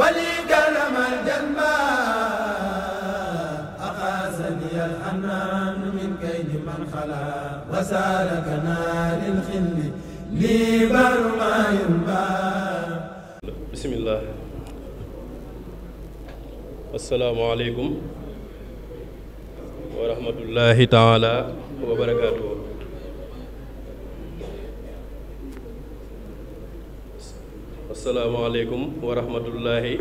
bismillah assalaamu aleykum wa rahmatullahi taala wa barakaatuhu asalaamaaleykum wa rahmatullahi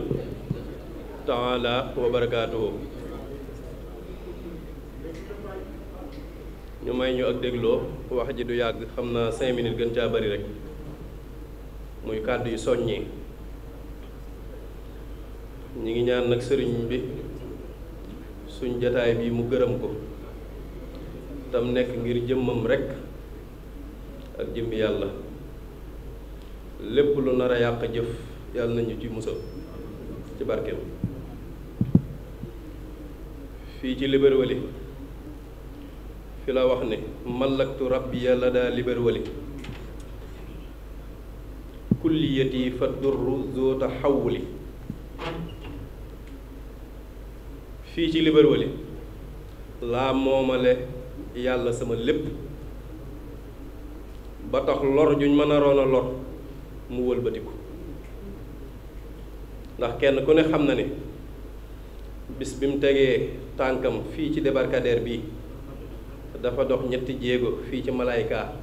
taala wa barakaatuhu ñu may ñu ak dégloo wax ji du yàgg xam naa cinq minutes gën caa bari rek muy kàddu yu soññi ñi ngi ñaan nag sëriñ bi suñ jataay bi mu gërëm ko tam nekk ngir jëmmam rekk ak jëmmi yàlla lépp lu nar a yàq jëf yàlla nañu ci musal ci barkeem fii ci Liberwali fi la wax ne malaktu rabbi yàlla daa Liberwali kulliyati fa durru zoo taxawuli fii ci Liberwali laa moomale yàlla sama lépp ba tax lor juñ mën a roon a lor mu wëlbatiku ndax kenn ku ne xam na ne bis bi mu tegee tànkam fii ci débarcadère bi dafa dox ñetti jéego fii ci malaayka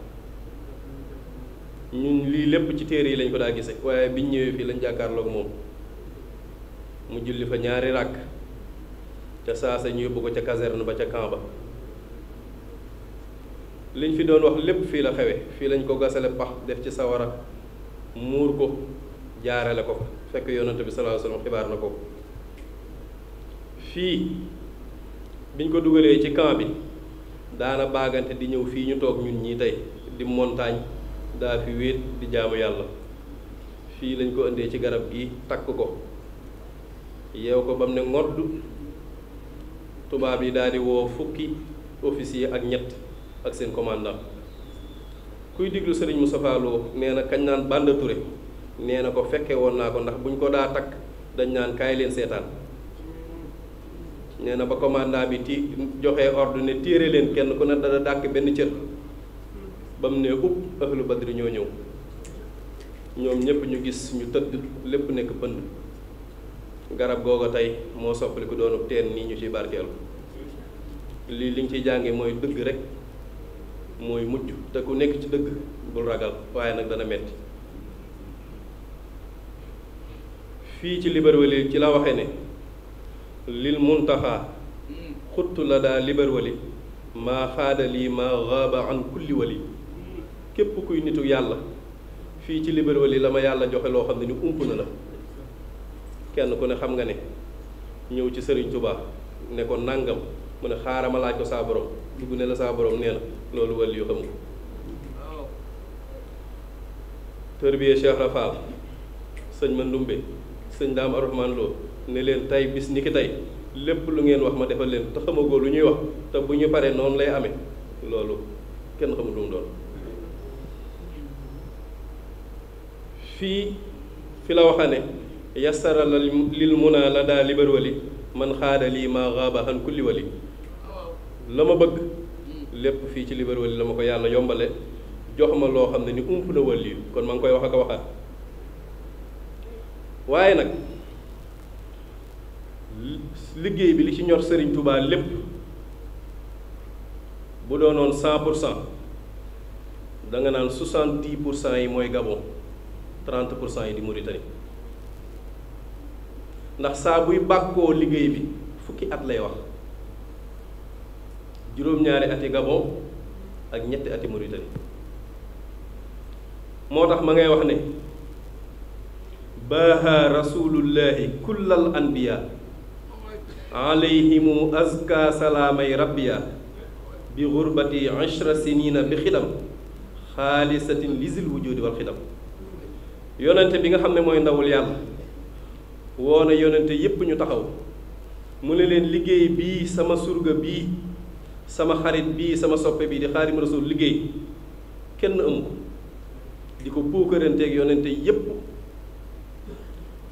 ñun lii lépp ci téere yi lañ ko daa gise waaye biñ ñëwee fii lañ jàkkaarloog moom mu julli fa ñaari ràkk ca saasa ñu yóbbu ko ca caserne ba ca camp ba liñ fi doon wax lépp fii la xewe fii lañ ko gasale pax def ci sawara muur ko jaarale ko fekk yonante bi sallallahu alayhi wasallam xibaar na ko fii biñ ko dugalee ci camp daana baagante di ñëw fii ñu toog ñun ñii tey di montagne daa fi wéet di jaamu yàlla fii lañ ko indee ci garab gi takk ko yeew ko ba ne ngodd tubaab yi daal di woo fukki officier ak ñett ak seen commandant kuy diglu sëriñ mu Lo nee na kañ naan Banda Touré nee na ko fekke woon naa ko ndax buñ ko daa takk dañ naan kaay leen seetaan nee na ba commandant bi ti joxe ordre ne téere leen kenn ku ne dana dàkk benn cër ba mu ne upp ahlu badri ñoo ñëw ñoom ñëpp ñu gis ñu tëdd lépp nekk pënd garab googa tey moo soppali ku doonu teen nii ñu ci barkeelu lii liñ ciy jànge mooy dëgg rek mooy mujj te ku nekk ci dëgg bul ragal waaye nag dana metti fii ci Libreville ci la waxee ne lil muntaxa xuttu la daa Libreville maa xaada lii maa xaaba an kulli képp kuy nitu yàlla fii ci Libreville la ma yàlla joxe loo xam ne ni ump na la kenn ku ne xam nga ne ñëw ci Sëriñ Tuubaa ne ko nàngam mu ne xaaral ma laaj ko saa borom dugg ne la saa borom nee na loolu wàll yu xam ko tërbiye Cheikh Rafaal sëñ Mandumbe sëñ Daam Arahmaan Lo ne leen tey bis ni ki tey lépp lu ngeen wax ma defal leen te xamagoo lu ñuy wax te bu ñu paree noonu lay amee loolu kenn xamul lu mu doon fii fi la waxa ne yasara la lil muna la daa libar wali man xaada yi maa xaaba xan kulli wali la ma bëgg lépp fii ci libar wali la ma ko yàlla yombale jox ma loo xam ne ni ump na wàll kon ma ngi koy wax ak a waxaat waaye nag liggéey bi li ci ñor Serigne Touba lépp bu doonoon cent pour cent da naan soixante dix pour cent yi mooy Gabon trente pour cent yi di Mauritanie ndax saa buy bàkkoo liggéey bi fukki at lay wax. juróom-ñaari ati Gabon ak ñetti ati Mauritanie moo tax ma ngay wax ne baaha rasulullahi kullal anbiya alayhimu azka salaamay rabbiya bi gurbati ashra sinina bi xidam xaalisatin lisil wujudi wal xidam yonente bi nga xam ne mooy ndawul yàlla woona yonente yépp ñu taxaw mu ne leen liggéey bi sama surga bi sama xarit bii sama soppe bii di xaadim rasul liggéey kenn am ko di ko puukaranteeg yonente yépp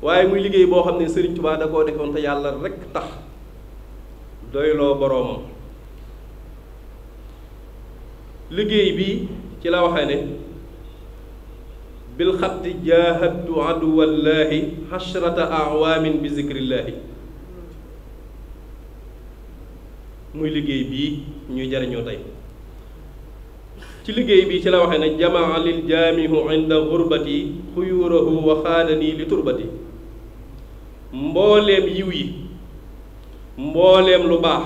waaye muy liggéey boo xam ne Sëriñ Tubaa da koo defoon te yàlla rekk tax doyloo boroomam liggéey bi ci la waxee ne bilxatti jaahadtu aduwallaahi xashrata awaamin bi zikrillaahi muy liggéey bii ñuy jariñoo tey ci liggéey bi ci la waxee ne jamaa lil jaamihu inda gurbati xuyuurahu wa xaadani li turbati mbooleem yiw yi mbooleem lu baax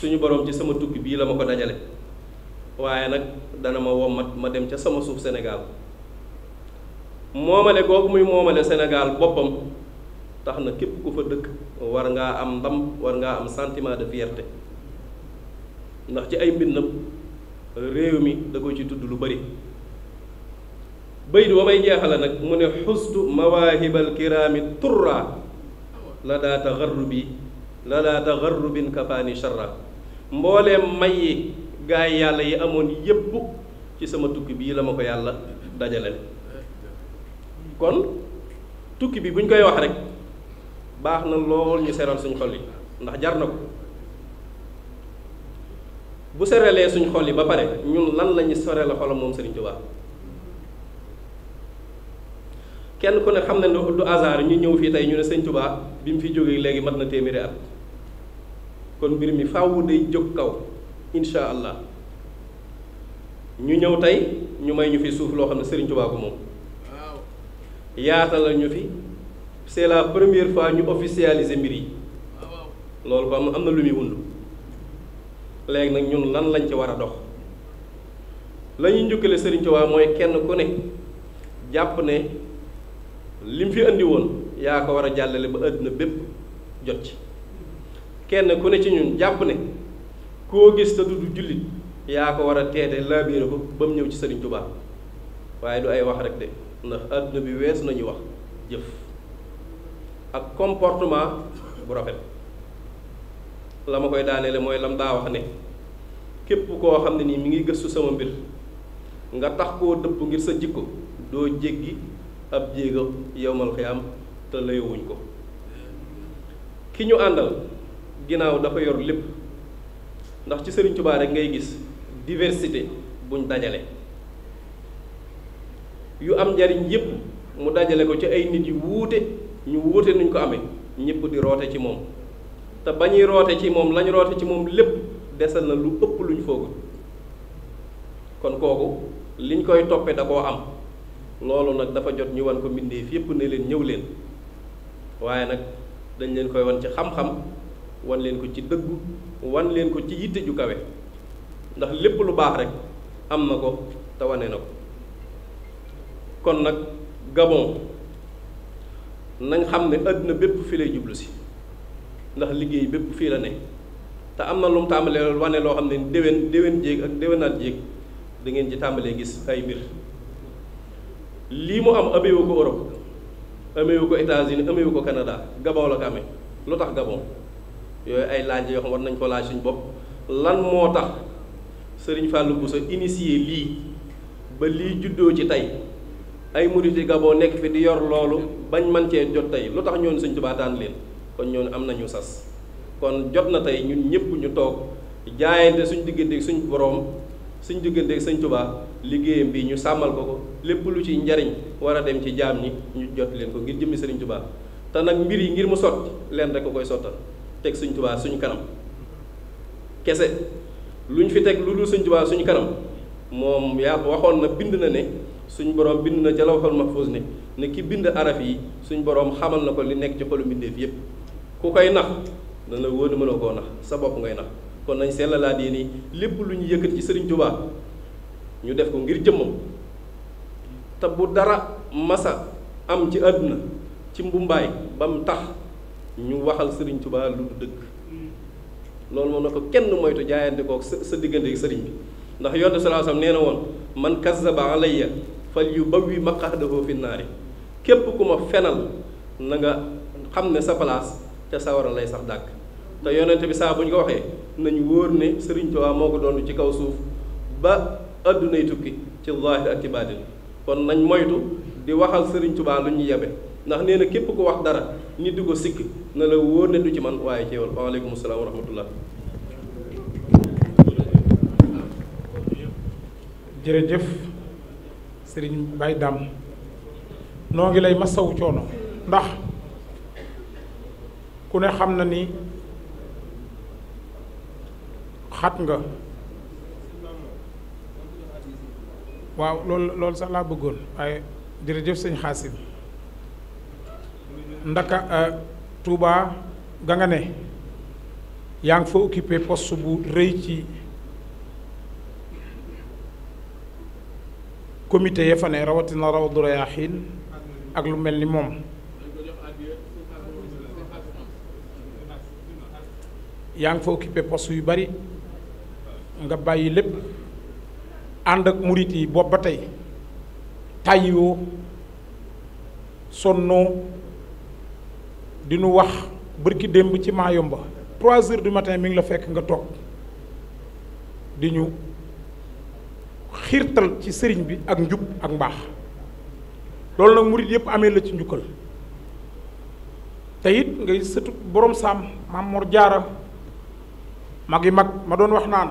suñu boroom ci sama tukki bii la ma ko dajale waaye nag dana ma wommat ma dem ca sama suuf Sénégal moomale googu muy moomale Sénégal boppam tax na képp ku fa dëkk war ngaa am ndam war ngaa am santiment de fierté ndax ci ay mbindam réew mi da ko ci tudd lu bari baydu ba may jeexale nag mu ne xustu mawaahibal kiraami turra la daa bi la daa taxarrubin kafaani charra mbooleem may yi gaay yàlla yi amoon yépp ci sama tukki bii la ma ko yàlla dajale kon tukki bi buñ koy wax rek baax na lool ñu seral suñu xol yi ndax jar na ko bu serelee suñ xol yi ba pare ñun lan la ñu serale xolam moom Serigne Touba kenn ku ne xam ne du hasard ñu ñëw fii tey ñu ne Serigne Touba bi mu fi jógee léegi mat na téeméeri at kon mbir mi faw day jóg kaw insha allah ñu ñëw tey ñu may ñu fi suuf loo xam ne Serigne Touba ko moom yaatalal ñu fi. c'est la première fois ñu officialiser mbir yi loolu ko am na lu muy wund léegi nag ñun lan lañ ci war a dox lañuy njukkale Sëriñ Tuubaa mooy kenn ku ne jàpp ne lim fi andi woon yaa ko war a jàllale ba àdduna bépp jot ci kenn ku ne ci ñun jàpp ne koo gis te du jullit yaa ko war a teete laabiire ko ba ñëw ci Sëriñ Tuubaa waaye du ay wax rek de ndax àdduna bi weesu nañu wax jëf ak comportement bu rafet la ma koy daaneele mooy lam daa wax ne képp koo xam ne nii mi ngi gëstu sama mbir nga tax koo dëpp ngir sa jikko doo jéggi ab jéega yowmal xiyaam te layowuñ ko ki ñu àndal ginnaaw dafa yor lépp ndax ci Sëriñ Tuubaa ngay gis diversité buñ dajale yu am njariñ yépp mu dajale ko ci ay nit yu wuute ñu wuute nuñ ko amee ñëpp di roote ci moom te ba ñuy roote ci moom lañ roote ci moom lépp desal na lu ëpp luñ foogul kon kooku liñ koy toppee da koo am loolu nag dafa jot ñu wan ko mbindeef yépp ne leen ñëw leen waaye nag dañ leen koy wan ci xam-xam wan leen ko ci dëggu wan leen ko ci yitte ju kawe ndax lépp lu baax rek am na ko te wane na ko kon nag Gabon nañ xam ne àdduna bépp fii lay jublu si ndax liggéey bépp fii la ne te am na lu mu tàmbalee loolu wane loo xam ne déwén déwén jéeg ak déwénaat jéeg dangeen ci tàmbalee gis ay mbir lii mu am ameewu ko Europe ameewu ko États-Unis ameewu ko Canada Gabon la ko amee lu tax Gabon yooyu ay laaj yoo xam war nañ ko laaj suñ bopp lan moo tax sëriñ Serigne Fallou Bousso initié lii ba lii juddoo ci tey ay murid Gabon nekk fi di yor loolu bañ man cee jot tey lu tax ñoon Sëñ Tuubaa daan leen kon ñoon am nañu sas kon jot na tey ñun ñëpp ñu toog jaayante suñ digganteeg suñ boroom suñ digganteeg Sëñ Tuubaa liggéeyam bi ñu sàmmal ko ko lépp lu ci njariñ war a dem ci jaam ni ñu jot leen ko ngir jëmmi Sëriñ Tuubaa te nag mbir yi ngir mu sotti leen rek koy sottal teg Sëñ Tuubaa suñu kanam kese luñ fi teg lu dul Sëñ Tuubaa suñu kanam moom yaa waxoon na bind na ne suñ borom bind na ca lawhul mahfuz ne ne ki bind araf yi suñ boroom xamal na ko li nekk ci xolu mbindeef yépp ku koy nax dana wóor ne mënoo koo nax sa bopp ngay nax kon nañ seetlalaat yi nii lépp lu ñu yëkkat ci Sëriñ Tuubaa ñu def ko ngir jëmmam te bu dara masa am ci àdduna ci mbumbaay ba mu tax ñu waxal Sëriñ tubaa lu dëgg loolu moom na ko kenn moytu jaayante ko sa sa diggante ak sëriñ bi ndax yonte sallallahu alayhi wasallam nee na woon man kas sa yen fa kazzaba alayya fal yubawwi maq'adahu fi naari képp ku ma fenal na nga xam ne sa place ca sawara lay sax dàkk te yonente bi saa bu ñu ko waxee nañu wóor ne Sëriñ Tuubaa moo ko doon ci kaw suuf ba addunay tukki ci zaahir ak ci baatin kon nañ moytu di waxal Sëriñ Tuubaa lu ñu yebe ndax nee na képp ku wax dara nit di ko sikk na la wóor ne du ci man waaye ci yow waaleykum salaam wa jërëjëf sëriñ Baye Dame noo ngi lay masawu coono ndax ku ne xam na ni xat nga waaw loolu loolu sax laa bëggoon waaye jërëjëf sëñ Xaasim ndaka euh, Touba ga nga ne yaa ngi fa occupé poste bu rëy ci comité ya fa ne rawatina rawdu rayaaxiin ak lu mel ni moom yaa ngi fa occupé poste yu bari nga bàyyi lépp ànd ak murit yi bopp ba tey tàyyiwoo sonnoo di nu wax bërki démb ci Maayomba trois heures du matin mi ngi la fekk nga toog di xiirtal ci sëriñ bi ak njub ak mbaax loolu nag murit yëpp amee la ci njukkal te it ngay sëtu borom saam maam Mor Jaara mag yi mag ma doon wax naan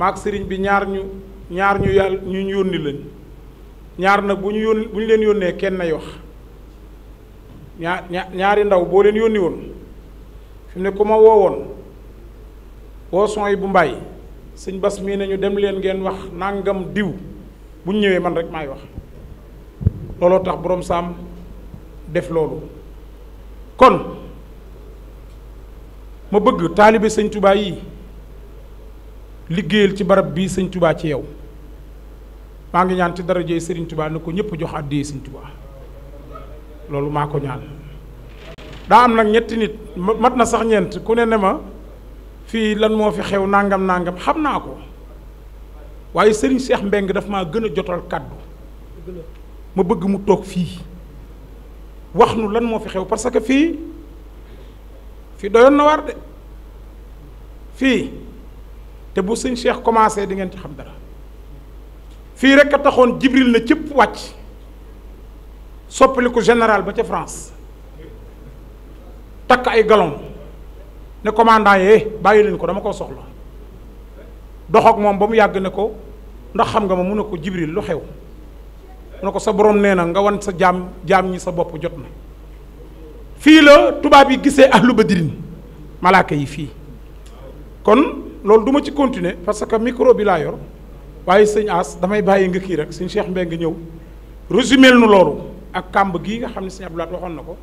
maag sëriñ bi ñaar ñu ñaar ñu yàlla ñu ñu yónni lañ ñaar nag bu ñu yónni bu ñu leen yónnee kenn nay wax ñaar ñaari ndaw boo leen yónni woon fi ne ko ma wowoon woo son yi bu mbay sëñ bas mii nañu dem leen ngeen wax nangam diw buñ ñëwee man rek maay wax looloo tax boroom saam def loolu kon ma bëgg taalibe sëñ tubaa yi liggéeyal ci barab bii sëñ tubaa ci yow maa ngi ñaan ci darajey sëriñ tubaa na ko ñëpp jox àddiyee sëñ tubaa loolu maa ko ñaan daa am nag ñetti nit mat na sax ñeent ku ne ne ma fii lan moo fi xew nangam nangam xam naa ko waaye sëriñ Seex Mbeng daf maa gën a jotal kàddu ma bëgg mu toog fii wax nu lan moo fi xew parce que fii fii doyoon na de fii te bu sëñ Cheikh commencé di ngeen ci xam dara fii rek a taxoon Jibril na cëpp wàcc soppaliku général ba ca France takk ay galon ne commandant yee bàyyi leen ko dama koo soxla dox ak moom ba mu yàgg ne ko ndax xam nga ma mun na ko jibril lu xew mu ne ko sa borom nee na nga wan sa jaam jaam ñi sa bopp jot na fii la tubaab yi gisee ahlu badrin malaaka yi fii kon loolu duma ci continuer parce que micro bi laa yor waaye sëñ As damay bàyyi nga kii rek sëñ Cheikh Mbengue nga ñëw résumé nu loolu ak kàmb gi nga xam ne sëñ Abdoulaye waxoon na ko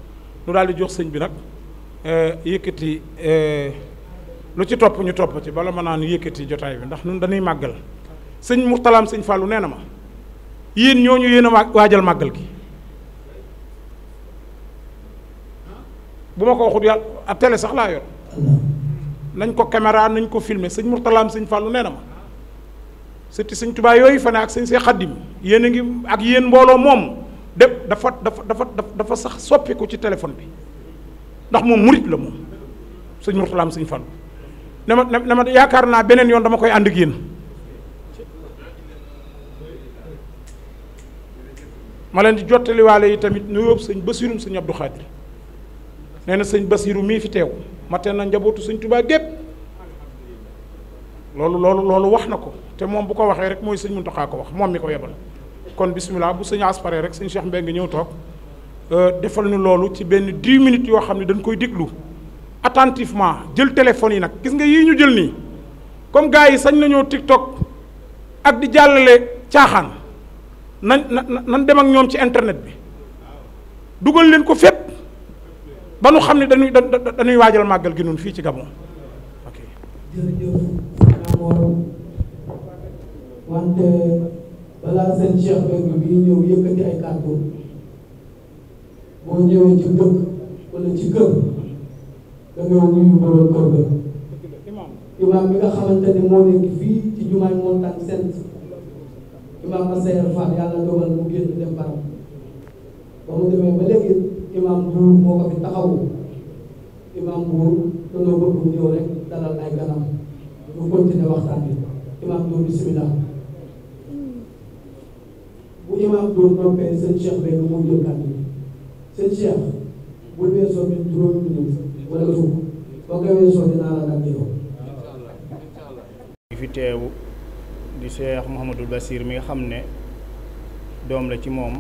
nu daal di jox sëñ bi nag Eh, yëkkati eh, lu ci topp ñu topp ci bala ma naan yëkkati jotaay bi ndax nun dañuy màggal sëñ Murtalaam sëñ Fallou nee na ma yéen ñooñu yéen a waajal màggal gi bu ma ko waxut yàlla ab télé sax laa yor nañ ko caméra nañ ko filme sëñ Murtalaam sëñ Fallou nee na ma surtout sëñ tubaay yooyu fa ne ak sëñ see xaddim yéen a ngi ak yéen mbooloo moom de dafa dafa dafa dafa sax soppiku ci téléphone bi ndax moom murit la moom sëñ Murtala am fan ne ma ne ma yaakaar naa beneen yoon dama koy ànd ak ma leen di jottaliwaale yi tamit nuyoo sëñ Basiirum sëñ Abdou Xaadir nee na sëñ Basiiru mii fi teew mate na njabootu sëñ Tubaa gépp loolu loolu loolu wax na ko te moom bu ko waxee rek mooy sëñ mu Muntaxaa ko wax moom mi ko yebal kon bisimilah bu sëñ aspare rek sëñ Cheikh Mbengue ngi ñëw toog Euh, defal nu loolu ci benn dix minutes yoo xam ne dañ koy déglu attentivement jël téléphone yi nag gis nga yii ñu jël nii comme gars yi sañ nañoo TikTok ak di jàllale caaxaan nañ nañ dem ak ñoom ci internet bi dugal leen ko fet ba nu xam ne dañuy dañuy waajal màggal gi noonu fii ci Gabon boo ñëwee ci dëkk wala ci kër da ngay wuyu borom kër ga imaam bi nga xamante ne moo nekk fii ci jumaay montagne sainte imaam Massayer Fall yàlla dogal mu génn dem baram ba mu demee ba léegi imaam buur moo ko fi taxawu imaam buur dañoo bëgg mu ñëw rek dalal ay ganam ñu continuer waxtaan bi imaam buur bisimilah mm. bu imaam buur noppee seen cheikh bay mu jël kàddu sëñ Cheikh bu weesoo ñun fi teewu di Cheikh Mouhamadul Basir mi nga xam ne doom la ci moom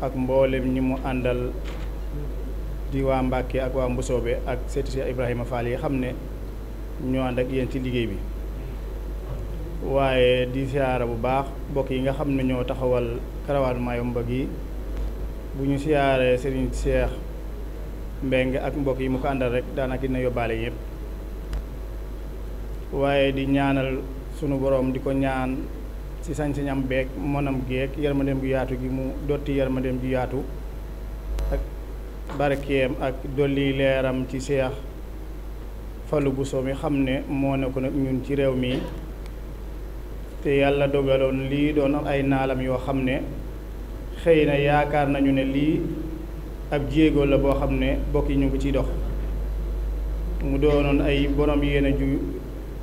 ak mboolem ñi mu àndal di waa Mbàkke ak waa Mbusoobe ak seeti Cheikh Ibrahima Fall yi xam ne ñoo ànd ak yéen ci liggéey bi waaye di siyaara bu baax mbokk yi nga xam ne ñoo taxawal karawaanu Mayumba gi bu ñu siyaaree Serigne Cheikh Mbeng ak mbokk yi mu ko àndal rek daanaka dina yóbbaale yépp waaye di ñaanal sunu borom di ko ñaan ci sañ-sañam beeg monam geeg yërmandeem yaatu gi mu dotti yërmandeem gu yaatu ak barkeem ak dolli leeram ci Cheikh Fallou Bousso mi xam ne moo ne ko nag ñun ci réew mi te yàlla dogaloon lii doon ay naalam yoo xam ne. xëy na yaakaar nañu ne lii ab jéego la boo xam ne bokk yi ñu ngi ciy dox mu doonoon ay borom yéene ju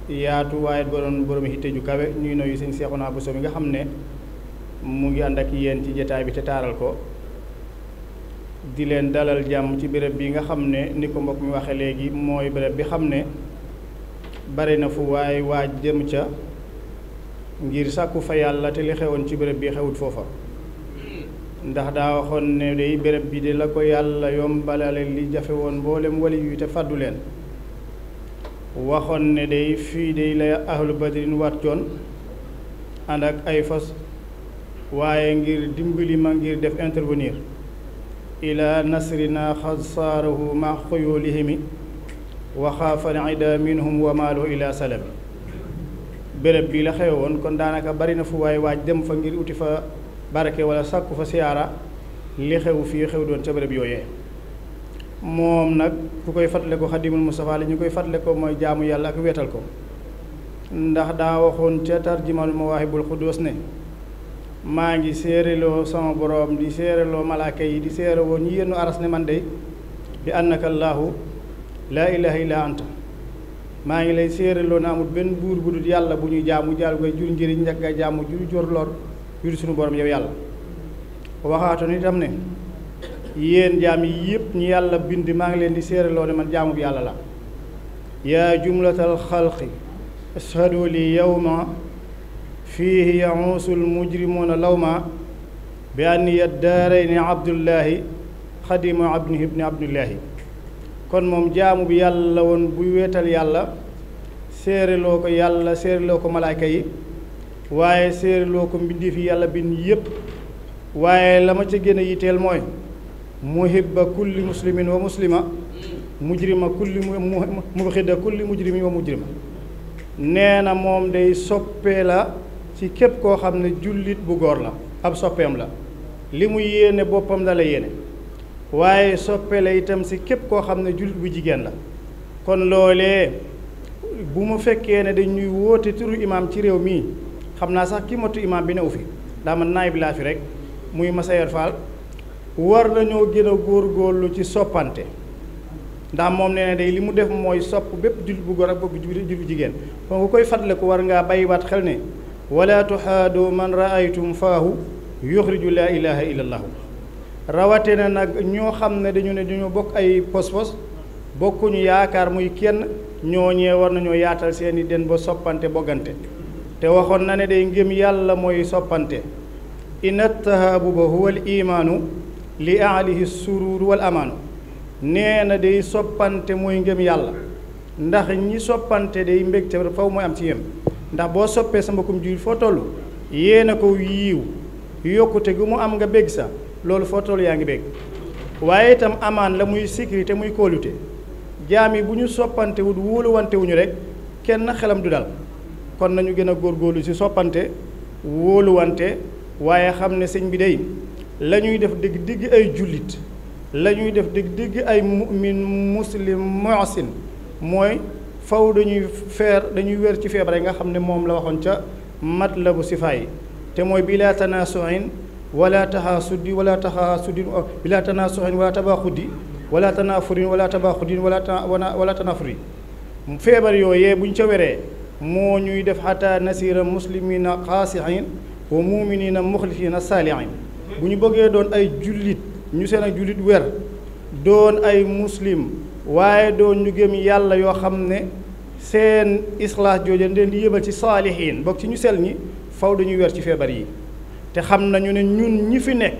yaatu waaye borom borom hitte ju kawe ñuy nuyu sëñ Seexuna Buso bi nga xam ne mu ngi ànd ak yéen ci jataay bi te taaral ko di leen dalal jàmm ci béréb bi nga xam ne ni ko mbokk mi waxee léegi mooy béréb bi xam ne bare na fu waaye waaj jëm ca ngir sàkku fa yàlla te li xewoon ci béréb bi xewut foofa ndax daa waxoon ne day béréb bi de la ko yàlla yombalale li jafe woon mboolem wali yu te fàddu leen waxoon ne day fii day la ahlu badrin wàccoon ànd ak ay fas waaye ngir dimbali ma ngir def intervenir ila na xasaarahu ma xuyulihimi waxaafal ida minhum wa maalo ila salami bi la xewoon kon daanaka bari na fu waaye waaj dem fa ngir wuti fa barke wala sàkku fa siyaara li xew fii xew doon ca bërëb yooyee moom nag ku koy fàttale ko xadimul Moustapha ñu koy fàttale ko mooy jaamu yàlla ak wetal ko ndax daa waxoon ca tarjimal mawaahibul xudus ne maa ngi séeréloo sama boroom di séeréloo malaaka yi di séere woon ñu yennu aras ne man de bi annaka allaahu laa ilaha illa anta maa ngi lay séeréloo na amul benn buur bu dul yàlla bu ñuy jaamu jaal koy jur njëriñ njëkk a jaamu jur yur suñu borom yow yàlla waxaatoon itam ne yéen jaam yi yépp ñi yàlla bind maa ngi leen di séeraloo ne man jaamub yàlla la yaa jumlatal xalqi ashadu li yawma fiihi yahuusul mujrimuuna lawma bi anniya daarayni abdullahi xadimu abdihi ibni abdullahi kon moom jaamu bi yàlla la woon buy weetal yàlla séeraloo ko yàlla séeraloo ko malaayka yi waaye séerloo ko mbindeef yi yàlla bind yépp waaye la ma ca gën a yitteel mooy muhibba kulli muslimin wa muslima mujrima kulli muxida kulli mujrimin wa mujrima nee na moom day soppee la ci képp koo xam ne jullit bu góor la ab soppeem la li mu yéene boppam la la yéene waaye soppe la itam ci képp koo xam ne jullit bu jigéen la kon loolee bu mu fekkee ne dañuy woote turu imaam ci réew mii xam naa sax ki matu imaam bi newu fi daa man naay bi laa fi rek muy Massayer Fall war nañoo gën góor góorgóorlu ci soppante ndax moom nee na dey li mu def mooy sopp bépp jullit bu góor ak bépp jullit jigéen kon ku koy fàttaliku war ngaa bàyyiwaat xel ne wala tuhaadu man raaytum faahu yuxriju laa ilaha illallahu rawate na nag ñoo xam ne dañu ne dañoo bokk ay pos-pos bokkuñu yaakaar muy kenn ñoo ñooñee war nañoo yaatal seeni den ba soppante boggante te waxoon na ne day ngëm yàlla mooy soppante inna tahaabuba huwa al imaanu li aalihi suruur wal amaanu nee na day soppante mooy ngëm yàlla ndax ñi soppante day mbégte faw mooy am ci yem ndax boo soppee sa mbokkum jullit foo toll yéena ko yiiw yokkute gu mu am nga bég sax loolu foo toll yaa ngi bég waaye itam amaan la muy sécurité muy kóolute jaam yi bu ñu soppante wut wantewuñu wuñu rek kenn xelam du dal kon nañu gën a góorlu ci soppante wóoluwante waaye xam ne sëñ bi dey la ñuy def dëgg dëgg ay jullit la ñuy def dëgg dëgg ay mu'min muslim muhsin mooy faw dañuy feer dañuy weer ci feebar yi nga xam ne moom la waxoon ca matlabu sifa yi te mooy bilaa tanaasuin wala taxaasudi wala taxaasudin bilaa tanaasuin wala tabaxudi wala tanaafurin wala tabaxudin wala wala tanaafuri feebar yooyee bu ñu ca weree moo ñuy def xataa nasira muslimina xaasihin wa muminina muxlisina saalihin bu ñu bëggee doon ay jullit ñu seen ak jullit wér doon ay muslim waaye doon ñu gëm yàlla yoo xam ne seen islaas jooju leen di yëbal ci saalihin bokk ci ñu sel ñi faw dañuy wer ci feebar yi te xam nañu ne ñun ñi fi nekk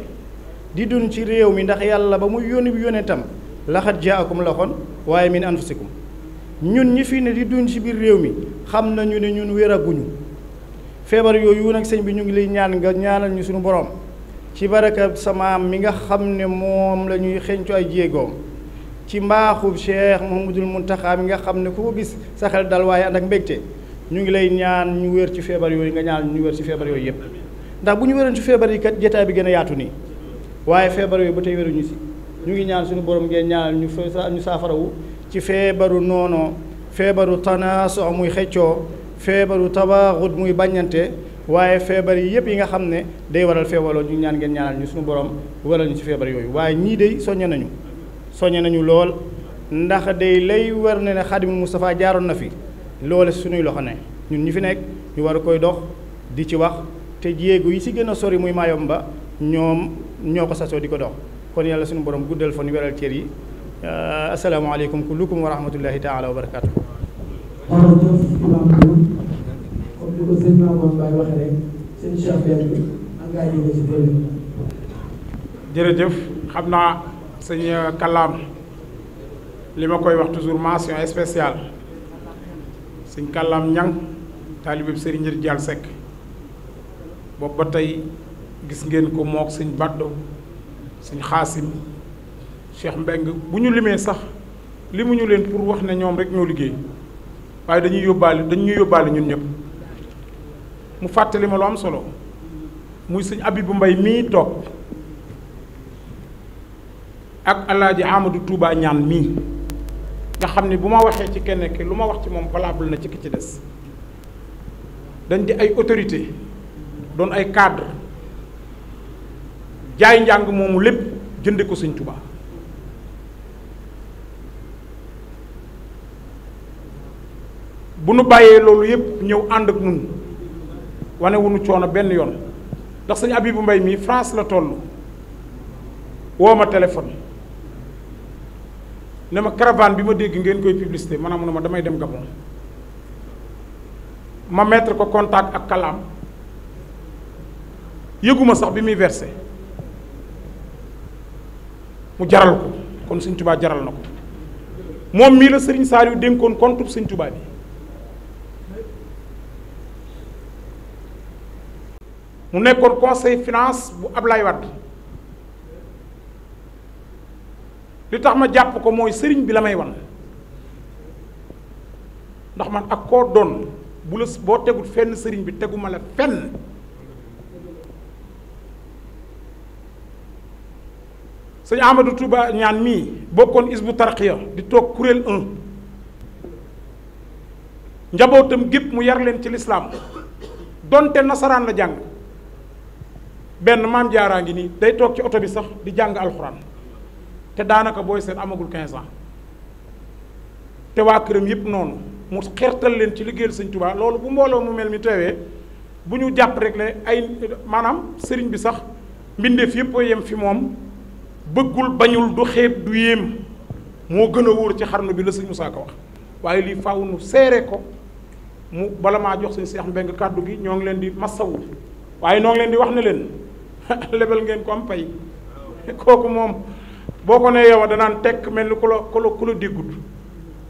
di dund ci réew mi ndax yàlla ba mu yónni bi yónnee laxat jaakum la xon waaye min anfusikum ñun ñi fi ne di dund ci biir réew mi xam nañu ne ñun wéraguñu feebar yooyu nag sëñ bi ñu ngi lay ñaan nga ñaanal ñu suñu borom ci baraka samaam mi nga xam ne moom la ñuy xencu ay jéegoom ci moom mu Cheikh Mouhamadoul Mountakha mi nga xam ne ku ko gis sa xel dal waaye ànd ak mbégte ñu ngi lay ñaan ñu wér ci feebar yooyu nga ñaan ñu wér ci feebar yooyu yëpp ndax bu ñu wéroon ci feebar yi kat jotaay bi gën a yaatu nii waaye feebar yooyu ba tey wéruñu si ñu ngi ñaan suñu borom ngeen ñaanal ñu ñu saafarawu ci feebaru noonoo feebaru tanaaso muy xeccoo feebaru tabaaxut muy bañante waaye feebar yi yëpp yi nga xam ne day waral feebaroo ñu ñaan ngeen ñaanal ñu suñu borom waral ñu ci feebar yooyu waaye ñii day soññe nañu soññe nañu lool ndax day lay war ne ne xaadimu Moustapha jaaroon na fi loole suñuy loxo ne ñun ñi fi nekk ñu war a koy dox di ci wax te jéego yi ci gën a sori muy maayom ba ñoom ñoo ko sasoo di ko dox kon yàlla suñu borom guddal fa ñu weral yi Euh, asalaamaaleykum kullukum wa rahmatullahi taala wa barakaatu. jërëjëf Imaam xam naa sëñ Kalaam li ma koy wax toujours mention spéciale sëñ Kalaam Ñang taalibeeb Serigne Ndiir Dial Seck boobu ba tey gis ngeen ko mook sëñ Baddo sëñ Xaasim. Cheikh Mbeng bu ñu limee sax limuñu leen pour wax ne ñoom rek ñoo liggéey waaye dañuy yóbbaale dañuy yóbbaale ñun ñëpp mu fàttali ma lu am solo muy sëñ bu Mbay mii toog ak alaaji Amadou Touba ñaan mii nga xam ne bu ma waxee ci kenn ki lu ma wax ci moom valable na ci ki ci des dañ di ay autorité doon ay cadre jaay njàng moomu lépp jënde ko sëñ Touba bu nu bàyyee loolu yëpp ñëw ànd ak nun wane wu nu coono benn yoon ndax sëñ bu Mbay mii France la toll woo ma téléphone ne ma caravane bi ma dégg ngeen koy publicité maanaam mu ne ma damay dem Gabon ma mettre ko contact ak kalaam yëguma sax bi muy versé mu jaral ko kon sëñ Tubaa jaral na ko moom mii la sëriñ Saar yu dénkoon compte sëñ Tubaa bi mu nekkoon conseil finance bu Ablaye Wade li tax ma jàpp ko mooy sëriñ bi la may wan ndax man ak koo doon bu la boo tegul fenn sëriñ bi teguma la fenn sëñ Amadou Touba ñaan mii bokkoon isbu tarqiya di toog kuréel 1 njabootam gépp mu yar leen ci lislaam donte nasaraan la jàng benn maam jaaraa ngi nii day toog ci oto bi sax di jàng alxuraan te daanaka booy seet amagul 15 ans te waa këram yëpp noonu mu xertal leen ci liggéeyal sëñ Tuubaa loolu bu mbooloo mu mel mi teewee bu ñu jàpp rek ne ay maanaam sëriñ bi sax mbindeef yëpp a yem fi moom bëggul bañul du xeeb du yéem moo gën a wóor ci xarnu bi la sëñ Musaa wax waaye lii faw nu seere ko mu bala maa jox sëñ Seex Mbeng kàddu gi ñoo ngi leen di masawu waaye ñoo di wax ne leen lebal ngeen ko am pay kooku moom boo ko nee yow danaan tekk mel ni ku la ku la ku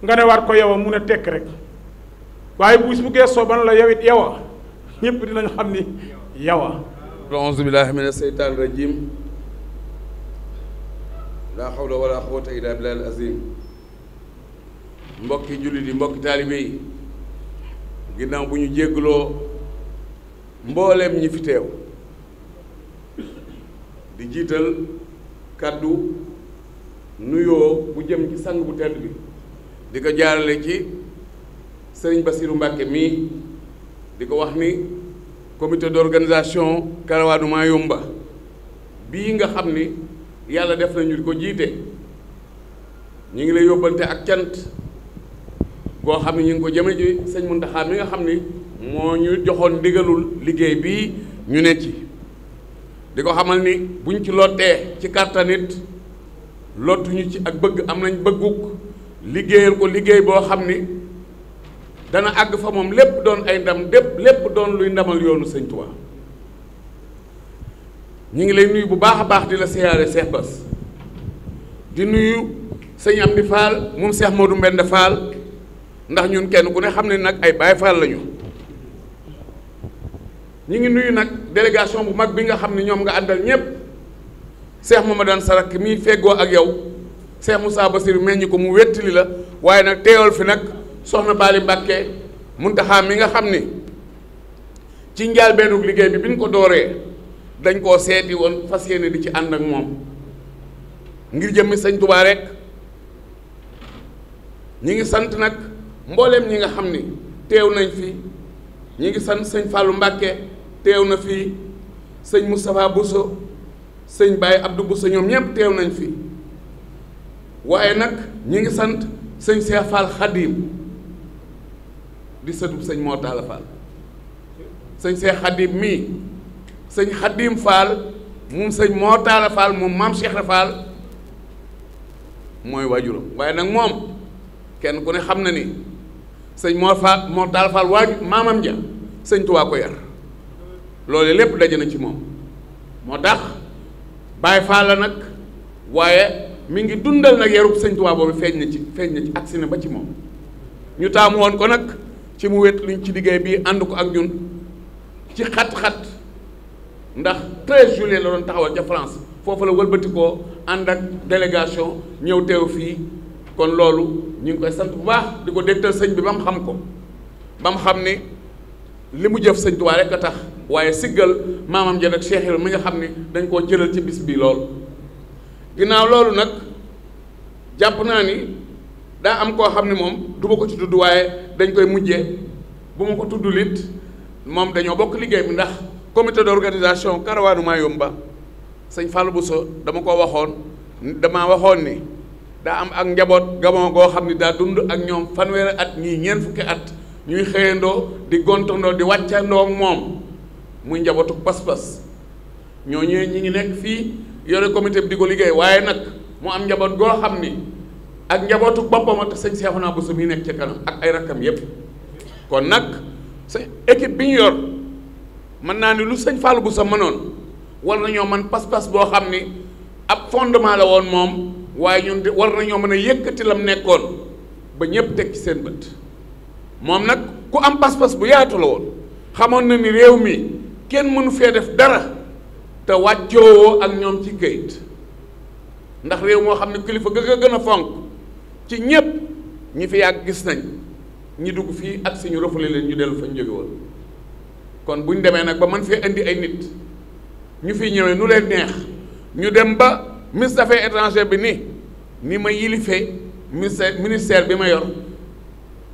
nga ne waat ko yow a mun a tekk rek waaye bu bis bu geesoo ban la yow it yow a dinañ xam ni yow a auzu billaahi mina seytaani rajiim laa xawla wala quwwata illaa billaahil aziim mbokki jullit yi mbokki taalibe yi ginnaaw bu ñu jéggloo mbooleem ñi fi teew di jiital kàddu nuyoo bu jëm ci sang bu tedd bi di ko jaarale ci sëriñ Bassirou Mbacke mii di ko wax ni comité d'organisation Karawaanu Mayumba bii nga xam ni yàlla def nañu di ko jiite ñu ngi lay yóbbante ak cant goo xam ne ñu ngi ko jëme ji sëñ Mountakha mi nga xam ni moo ñu joxoon ndigalul liggéey bii ñu ne ci di ko xamal ni buñ ci lottee ci kàttanit it lottuñu ci ak bëgg am nañ bëgguk liggéeyal ko liggéey boo xam ni dana àgg fa moom lépp doon ay ndam lépp lépp doon luy ndamal yoonu sëñ Tuubaa ñu ngi lay nuyu bu baax a baax di la siyaare Seex Bas di nuyu sëñ Amdi Fall moom Seex Modou Mbend Fall ndax ñun kenn ku ne xam ne nag ay Baay Fall lañu ñu ngi nuyu nag délégation bu mag bi nga xam ne ñoom nga àndal ñëpp Cheikh Mamadou Sarak mii feggoo ak yow mu Cheikh Moussa mel ñi ko mu wéttali la waaye nag teewal fi nag soxna Bali Mbàkke Muntaxa mi nga xam ni ci njaal benn liggéey bi bi ko dooree dañ koo seeti woon fas yéene di ci ànd ak moom ngir jëmmi sëñ Tuubaa rek ñi ngi sant nag mbooleem ñi nga xam ni teew nañ fi ñu ngi sant sëñ fàllu Mbàkke teew na fii sëñ Moustapha Bousso sëñ Baye Abdou Bousso ñoom ñëpp teew nañ fi waaye nag ñi ngi sant sëñ Cheikh Fall Khadim di sëtub sëñ Mor Talla Fall sëñ Cheikh Khadim mii sëñ Khadim Fall moom sëñ Mor Talla Fall moom maam Cheikh Fall mooy waajuram waaye nag moom kenn ku ne xam na ni sëñ moo Fall moo Talla Fall waaju maamam ja sëñ ko yar loolu lépp daje na ci moom moo tax Baay Faal la nag waaye mi ngi dundal nag yarub Sëñ Tuubaa boobu feeñ na ci feeñ na ci agsi na ba ci moom ñu taamu woon ko nag ci mu wét luñ ci liggéey bi ànd ko ak ñun ci xat-xat ndax 13 juillet la doon taxawal ca France foofu la wëlbatikoo ànd ak délégation ñëw teew fii kon loolu ñu ngi koy sant bu baax di ko dégtal sëñ bi ba mu xam ko ba mu xam ni li mu jëf sëñ Tuubaa rek a tax waaye siggal maamam ja ak Cheikh mi nga xam ni dañ koo jëlal ci bis bi lool ginnaaw loolu nag jàpp naa ni daa am koo xam ni moom duma ko ci tudd waaye dañ koy mujje bu ma ko tudd liit moom dañoo bokk liggéey bi ndax comité d'organisation Karawaanu Mayumba sëñ bu so dama ko waxoon dama waxoon ni daa am ak njaboot gabon goo xam ni daa dund ak ñoom fanweeri at ñii ñeent fukki at ñuy xëyandoo di gontandoo di wàccandoo moom muy njabootu pas-pas ñoo ñëwee ñi ngi nekk fii yore comité bi di ko liggéey waaye nag mu am njaboot goo xam ni ak njabootu boppam ak sëñ Seexuna Buso mi nekk ci kanam ak ay rakkam yépp kon nag sa équipe bi ñu yor mën naa ni lu sëñ Fallou Buso mënoon war nañoo man pas-pas boo xam ni ab fondement la woon moom waaye ñun war ñoo mën a yëkkati lam nekkoon ba ñëpp teg ci seen bët moom nag ku am pas-pas bu yaatu la woon xamoon na ni réew mi kenn mënu fee def dara te wàccoowoo ak ñoom ci kayit ndax réew moo xam ne kilifa ga nga gën a fonk ci ñépp ñi fi yàgg gis nañ ñi dugg fii ak suñu rëfale leen ñu dellu fa ñu jóge woon kon bu ñu demee nag ba man fee indi ay nit ñu fi ñëwee nu leen neex ñu dem ba ministre des affaires bi ni ni ma yilifee ministère ministère bi ma yor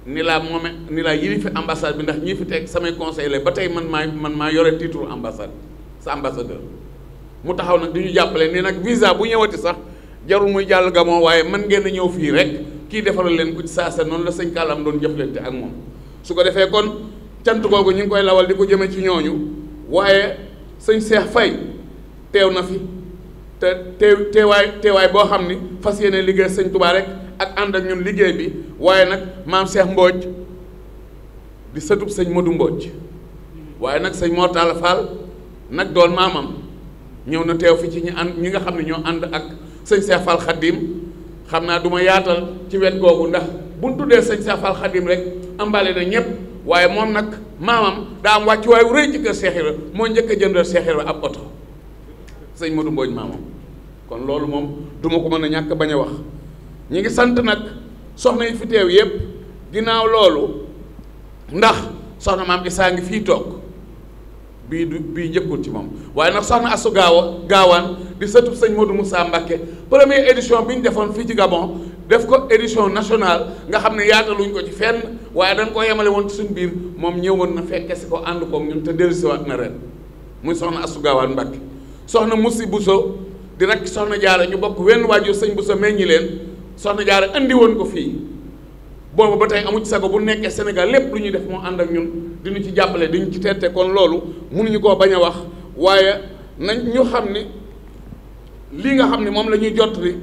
ni laa moome ni laa yiri fi ambassade bi ndax ñii fi teg samay conseil la ba tey man maa man maa yore titre ambassade sa ambassadeur mu taxaw nag di ñu jàppale nii nag visa bu ñëwati sax jarul muy jàll gamoo waaye man ngeen a ñëw fii rek kii defaral leen ko ci sa noonu la sëñ Kàllaam doon jëflante ak moom su ko defee kon cant googu ñu ngi koy lawal di ko jëme ci ñooñu waaye sëñ Seex Fay teew na fi te teew teewaay teewaay boo xam ni fas yéene liggéey sëñ Tuubaa rek ak àndak ak ñun liggéey bi waaye nag maam Cheikh Mbodj di sëtub sëñ Modou Mbodj waaye nag sëñ Mor Talla nag doon maamam ñëw na teew fi ci ñi ànd ñi nga xam ne ñoo ànd ak sëñ Cheikh Fall Khadim xam naa du ma yaatal ci wet googu ndax bu ñu tuddee sëñ Cheikh Fall Khadim rek ambale na ñëpp waaye moom nag maamam daa am wàccuwaay wu rëy ci kër moo njëkk a jëndal Cheikh Ibra ab oto sëñ Modou Mbodj maamam kon loolu moom duma ko mën a ñàkk bañ a wax. ñi ngi sant nag soxna yi fi teew yépp ginnaaw loolu ndax soxna maam isaa ngi fii toog bii du bii njëkkul ci moom waaye nag soxna asu gaawa gaawaan di sëtub sëñ Modou Moussa Mbacke première édition bi ñu defoon fii ci def ko édition nationale nga xam ne yaataluñ ko ci fenn waaye dañ ko yemale woon ci suñ biir moom ñëwoon na fekke si ko ànd koog ñun te dellusiwaat na ren muy soxna asu gaawaan Mbacke soxna Moussi Bousso di rek soxna jaara ñu bokk wenn waajur sëñ Bousso meññi leen soxna jaara andi woon ko fii boobu ba tey amu ci sago bu nekkee Sénégal lépp lu ñuy def moo ànd ak ñun diñu ci jàppale diñu ci tette kon loolu mënuñu koo bañ a wax waaye na ñu xam ni lii nga xam ne moom la ñuy jottali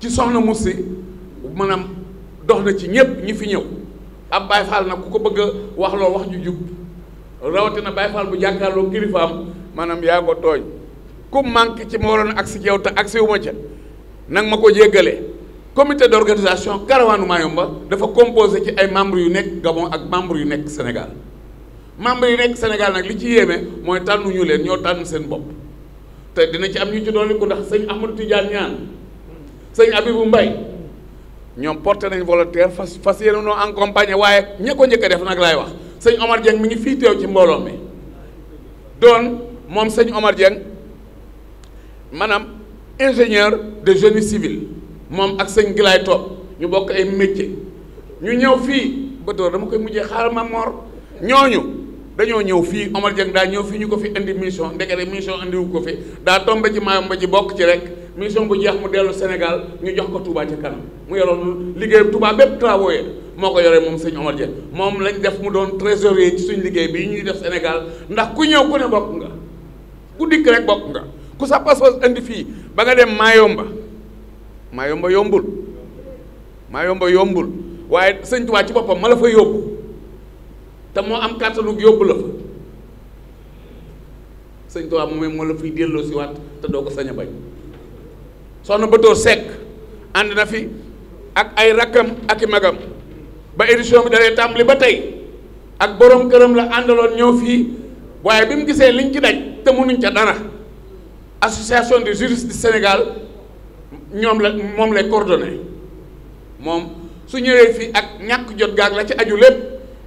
ci soxna Moussi maanaam dox na ci ñépp ñi fi ñëw ab Baye Fall na ku ko bëgg wax loo wax ju jub rawatina Baye Fall bu jàkkaarloo kilifaam maanaam yaa ko tooñ ku manque ci ma waroon agsi yow te agsi wu ma ca nang ma ko jéggale comité d'organisation karawaanu Mayumba dafa composé ci ay membres yu nekk Gabon ak membre yu nekk Sénégal membres yu nekk Sénégal nag li ci yéeme mooy tànn tànnuñu leen ñoo tànn seen bopp te dina ci am ñu ci li ko ndax am ma Tidiane ñaan sëñ Abibou Mbaye ñoom porté nañ volontaire fas fas yéene noo accompagner waaye ña ko njëkk a def nag laay wax sëñ Omar Dieng mi ngi fii teew ci mbooloo mi doon moom sëñ Omar Dieng maanaam. ingénieur de génie civil moom ak sëñ Gilaay Top ñu bokk ay métier ñu ñëw fii Bator dama koy mujjee xaaral mamoor moor ñooñu dañoo ñëw fii Omar Dieng daa ñëw fii ñu ko fi indi mission ndekete mission indiwu ko fi daa tombé ci Mayumba ji bokk ci rek mission bu jeex mu dellu Sénégal ñu jox ko Touba ci kanam mu yoroon liggéey Touba bépp travaux yi moo ko yoree moom sëñ Omar Dieng moom lañ def mu doon trésorier ci suñ liggéey bi ñuy def Sénégal ndax ku ñëw ku ne bokk ku dikk rek bokk ku sa pas-pas indi fii ba nga dem Maayomba Maayomba yombul Maayomba yombul waaye sëñ Tuubaa ci boppam ma la fa yóbbu te moo am kàttanu yóbbu la fa sëñ Tuubaa moom moo la fiy delloo si waat te doo ko sañ a bañ soxna Bator Seck ànd na fi ak ay rakkam ak i magam ba édition bi dalee tàmbali ba tey ak boroom këram la àndaloon ñëw fii waaye bi mu gisee liñ ci daj te mu nuñ ca dara. association des juristes du Sénégal ñoom la moom lay coordonné moom su ñëwee fii ak ñàkk jot gaag la ci aju lépp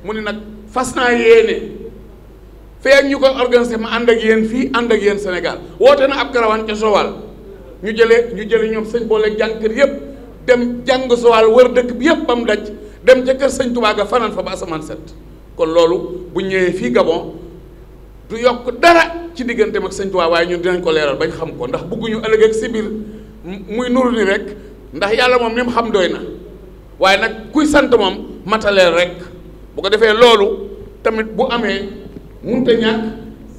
mu ne nag fas naa yéene fee ak ñu ko organisé ma ànd ak yéen fii ànd ak yéen Sénégal woote na ab karawaan ca Sowal ñu jëlee ñu jëlee ñoom sëñ boole jàng kër yëpp dem jàng Sowal wër dëkk bi yëpp ba daj dem ca kër sañ Tuubaa ga fanaan fa ba asamaan set kon loolu bu ñëwee fii Gabon. du yokk dara ci diggante mag sëñ Tuubaa waaye ñu dinañ ko leeral bañ xam ko ndax bëgguñu ëllëg ak si biir muy nuru ni rek ndax yàlla moom ni mu xam doy na waaye nag kuy sant moom mataleel rek bu ko defee loolu tamit bu amee mënut a ñàkk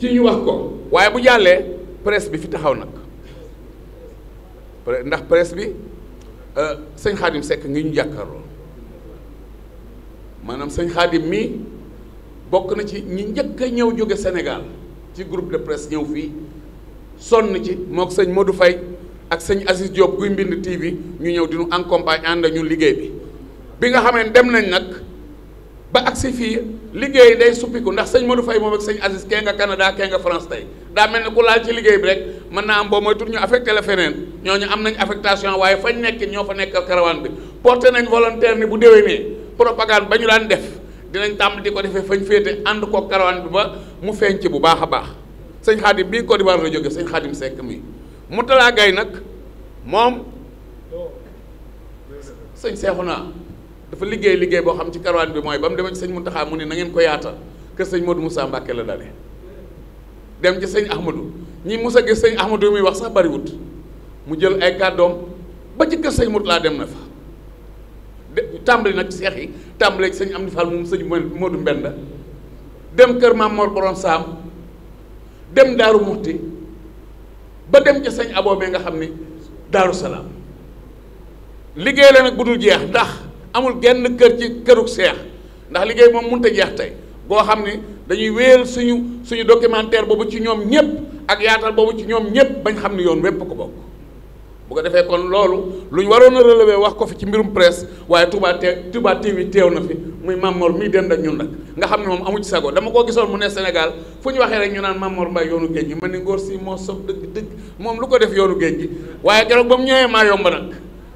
ci ñu wax ko waaye bu jàllee presse bi fi taxaw nag ndax presse bi euh, sëñ Xaadim sekk ngi ñu jàkkaarloo maanaam sëñ Xaadim mii. bokk na ci ñi njëkk a ñëw jóge Sénégal ci groupe de presse ñëw fii sonn ci mook sëñ Modou Faye ak sëñ Aziz Diop guy mbind TV ñu ñëw di ñu accompagne ànd ñu liggéey bi bi nga xamee dem nañ nag ba agsi fii liggéey day suppiku ndax sëñ Modou Faye moom ak sëñ Aziz kee nga Canada kee France tey daa mel ne ku laal ci liggéey bi rek mën naa am boo mooy tur ñu affecté la feneen ñooñu am nañ affectation waaye fañ nekk ñoo fa nekk caravane bi porté nañ volontaire ni bu déwénee propagande ba ñu daan def dinañ tàmm di ko defee fañ féete ànd ko karawaan bi ba mu feeñ bu baax a baax sëñ xaadim bii Côte d'Ivoire la jóge sëñ xaadim sekk mi mu talaa gay nag moom sëñ seexu naa dafa liggéey liggéey boo xam ci karawaan bi mooy ba mu demee ci sëñ Muntaxa mu ni na ngeen ko yaata kër sëñ Modou Moussa Mbàkke la dale dem ci sëñ Ahmadou ñii mus a gis sëñ Ahmadou muy wax sax bariwut mu jël ay kàddoom ba ci kër sëñ Mut laa dem na fa tàmbali nag seex yi tàmbaleeg sëñ Amdi Fall moom sëñ Modou Mbenda dem kër Maam Mor Borom Saam dem Daaru Muxti ba dem ca sëñ aboobee nga xam ni Daaru Salaam liggéey la nag bu dul jeex ndax amul genn kër ci këruk seex ndax liggéey moom mënut a jeex tey boo xam ni dañuy wéyal suñu suñu documentaire boobu ci ñoom ñëpp ak yaatal boobu ci ñoom ñëpp bañ xam ni yoon wépp ko bokk bu ko defee kon loolu lu ñu waroon a relever wax ko fi ci mbirum presse waaye Touba te Touba TV teew na fi muy Mamor mii dend ak ñun nag nga xam ne moom amu ci sago dama koo gisoon mu ne Sénégal fu ñu waxee rek ñu naan Mamor Mbaye yoonu géej gi man ni ngóor si moo sob dëgg dëgg moom lu ko def yoonu géej gi waaye keroog ba mu ñëwee maa yomba nag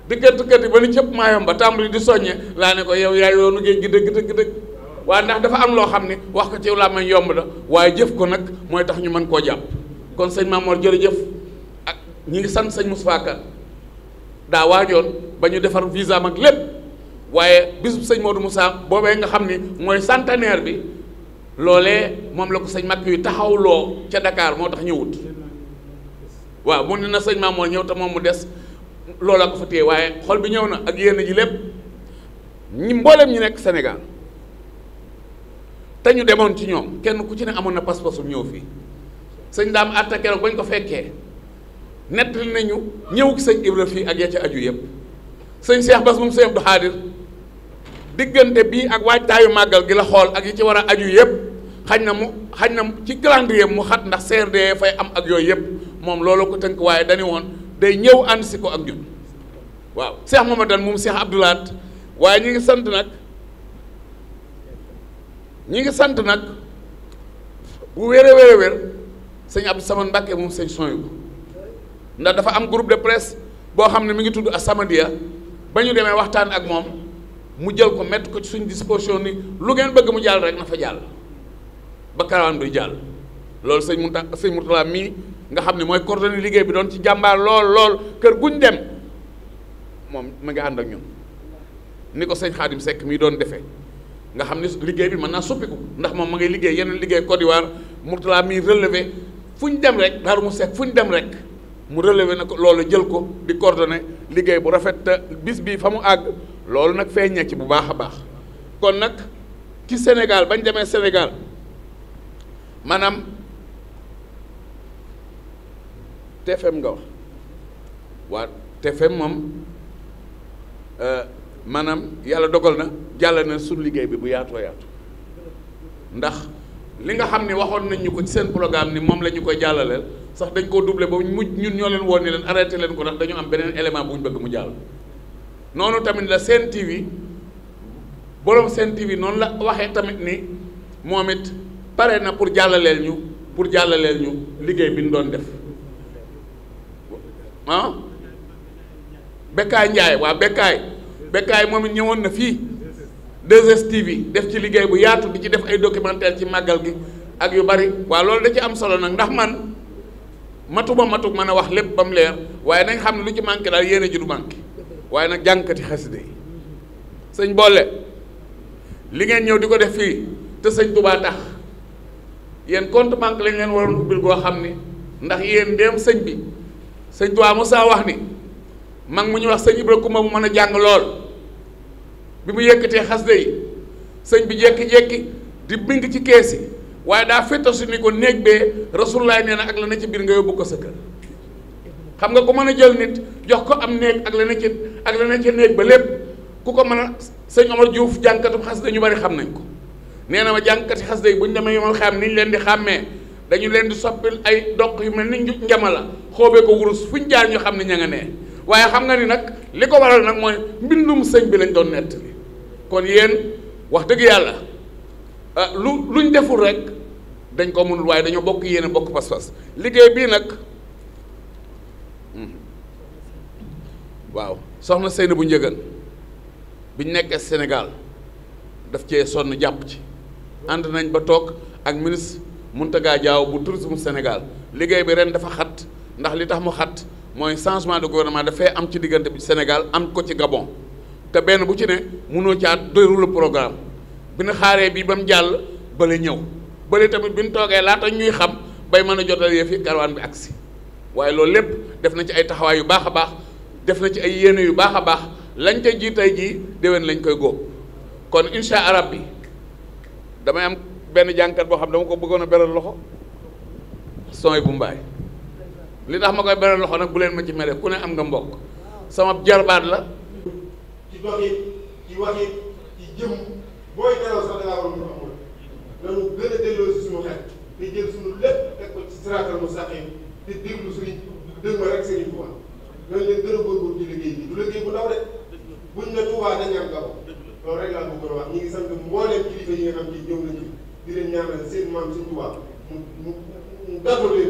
diggante kër yi ba ni cëpp maa yomba tàmbali di soññe laa ne ko yow yaa yoonu géej gi dëgg dëgg dëgg waaye ndax dafa am loo xam ne wax ko ci laa yomb na waaye jëf ko nag mooy tax ñu mën koo jàpp kon sëñ Mamor jërëjëf ñi ngi sant sañ Moustapha Ka daa waajoon ba ñu defar visa mag lépp waaye bisub sëñ Modou Moussa boobee nga xam ni mooy centenaire bi loolee moom la ko sëñ mag yu taxawloo ca Dakar moo tax ñëwut waaw mu ne na sëñ Mamour ñëw te moom mu des loola ko fa téye waaye xol bi ñëw na ak yéen ji lépp ñi mboolem ñi nekk Sénégal te ñu demoon ci ñoom kenn ku ci ne amoon na pas-pasum ñëw fii sëñ daam àtta keroog bañ ko fekkee nettali nañu ñëw ki sëñ Ibra fii ak ya ca aju yëpp sëñ Cheikh Bass moom sëñ Abdou Khadir diggante bii ak waajtaayu màggal gi la xool ak yi ci war a aju yëpp xañ na mu xañ na mu ci calendrier mu xat ndax CRD fay am ak yooyu yëpp moom loolu ko tënk waaye dañu woon day ñëw ànd si ko ak ju waaw Cheikh Mamadan moom Cheikh Abdou Lahad waaye ñu ngi sant nag ñi ngi sant nag bu wér a wér a wér sëñ Abdou Samane Mbacke moom sëñ Soyibu ndax dafa am groupe de presse boo xam ne mi ngi tudd As-Samadiyya ba ñu demee waxtaan ak moom mu jël ko mettre ko ci suñu disposition ni lu ngeen bëgg mu jàll rek na fa jàll ba karawaan du jàll loolu sëñ Mouta sëñ Mourtala mii nga xam ne mooy coordonné liggéey bi doon ci jàmbaar lool lool kër ñu dem moom mu ngi ànd ak ñun ni ko sëñ Xaadim sekk mii doon defee nga xam ne liggéey bi mën naa suppiku ndax moom ma ngay liggéey yeneen liggéey Côte d'Ivoire Mourtala mii relevé fu ñu dem rek Darou Moukhty fu ñu dem rek. mu relevé na ko loolu jël ko di coordonné liggéey bu rafet te bis bi fa mu àgg loolu nag feeñ na bu baax a baax kon nag ci Sénégal bañ demee Sénégal maanaam TFM nga wax waa TFM moom euh, maanaam yàlla dogal na jàll na suñu liggéey bi bu yaatoo yaatu ndax li nga xam ni waxoon nañ ñu ko ci seen programme ni moom la ñu koy jàllaleel sax dañ koo doublé ba mujj ñun ñoo leen woon ni leen arrêté leen ko ndax dañu am beneen élément bu ñu bëgg mu jàll noonu tamit la seen TV borom seen TV noonu la waxee tamit ni moom it pare na pour jàllaleel ñu pour jàllaleel ñu liggéey bi ñu doon def ah Bekkaay Njaay waa Bekkaay Bekkaay moom it ñëwoon na fii 2STV def ci liggéey bu yaatu di ci def ay documentaire ci màggal gi ak yu bari waaw loolu da ci am solo nag ndax man matuma matu mën a wax lépp ba mu leer waaye nañ xam ne lu ci manqué daal yéene ji du manqué waaye nag jànkati xasida yi sëñ boole li ngeen ñëw di ko def fii te sëñ Touba tax yéen compte manqué lañ leen waroon ubbil goo xam ni ndax yéen dem sëñ bi sëñ mu saa wax ni mag mu ñu wax sëñ Ibra Kumba mu mën a jàng lool bi mu yëkkatee xasida yi sëñ bi jékki-jékki di bind ci kees yi waaye daa fetta su ni ko néeg bee rasulullaay nee na ak la ne ci biir nga yóbbu ko sa xam nga ko mën a jël nit jox ko am néeg ak la ne ci ak la ne ci néeg ba lépp ku ko mën a sëñ Omar Diouf jànkatu xasida ñu bari xam nañ ko nee na ma jànkati xasida yi bu ñu demee yomal xam ni ñu leen di xàmmee dañu leen di soppil ay doq yu mel ni njama la xoobee ko wurus fu ñu jaar ñu xam ne ña nga nee waaye xam nga ni nag li ko waral nag mooy mbindum sëñ bi lañ doon nettali kon yéen wax dëgg yàlla ah, lu luñ deful rek dañ ko mënul waaye dañoo bokk yéen a bokk pas-pas liggéey bii nag hmm, waaw soxna Seyna bu njëgan biñ nekkee Sénégal def cee sonn jàpp ci ànd nañ ba toog ak ministre Mountaga jaaw bu tourisme Sénégal liggéey bi ren dafa xat ndax li tax mu xat mooy changement de gouvernement dafay am ci diggante bi Sénégal am ko ci Gabon te benn bu ci ne mënoo caa déroule programme bi ñu xaaree bii ba mu jàll bële ñëw bële tamit bi ñu toogee laata ñuy xam bay mën a jotal yëf fi karawaan bi agsi waaye loolu lépp def na ci ay taxawaay yu baax a baax def na ci ay yéene yu baax a baax lañ ca jiitay jii déwén lañ koy góob kon incha arab bi damay am benn jànkat boo xam dama ko bëggoon a beral loxo sooy bu mbaay li tax ma koy beral loxo nag bu leen ma ci mere ku ne am nga mbokk sama jarbaat la. doxit ci waxit ci jëm booy nelaw sax da ngaa war a mun a amul loolu gën a delloo si suñu xel te jël suñu lépp teg ko ci siraatal mustaqim te déglu suñu dëgg rek sëriñ Tuuba loolu leen gën a góorgóorlu ci liggéey bi du liggéey bu ndaw de buñ ne Tuuba dañu am gaw loolu rek laa bëggoon wax ñu ngi sant mbooleem kilifa yi nga xam ci ñëw nañu di leen ñaanal seen maam suñu Tuuba mu mu mu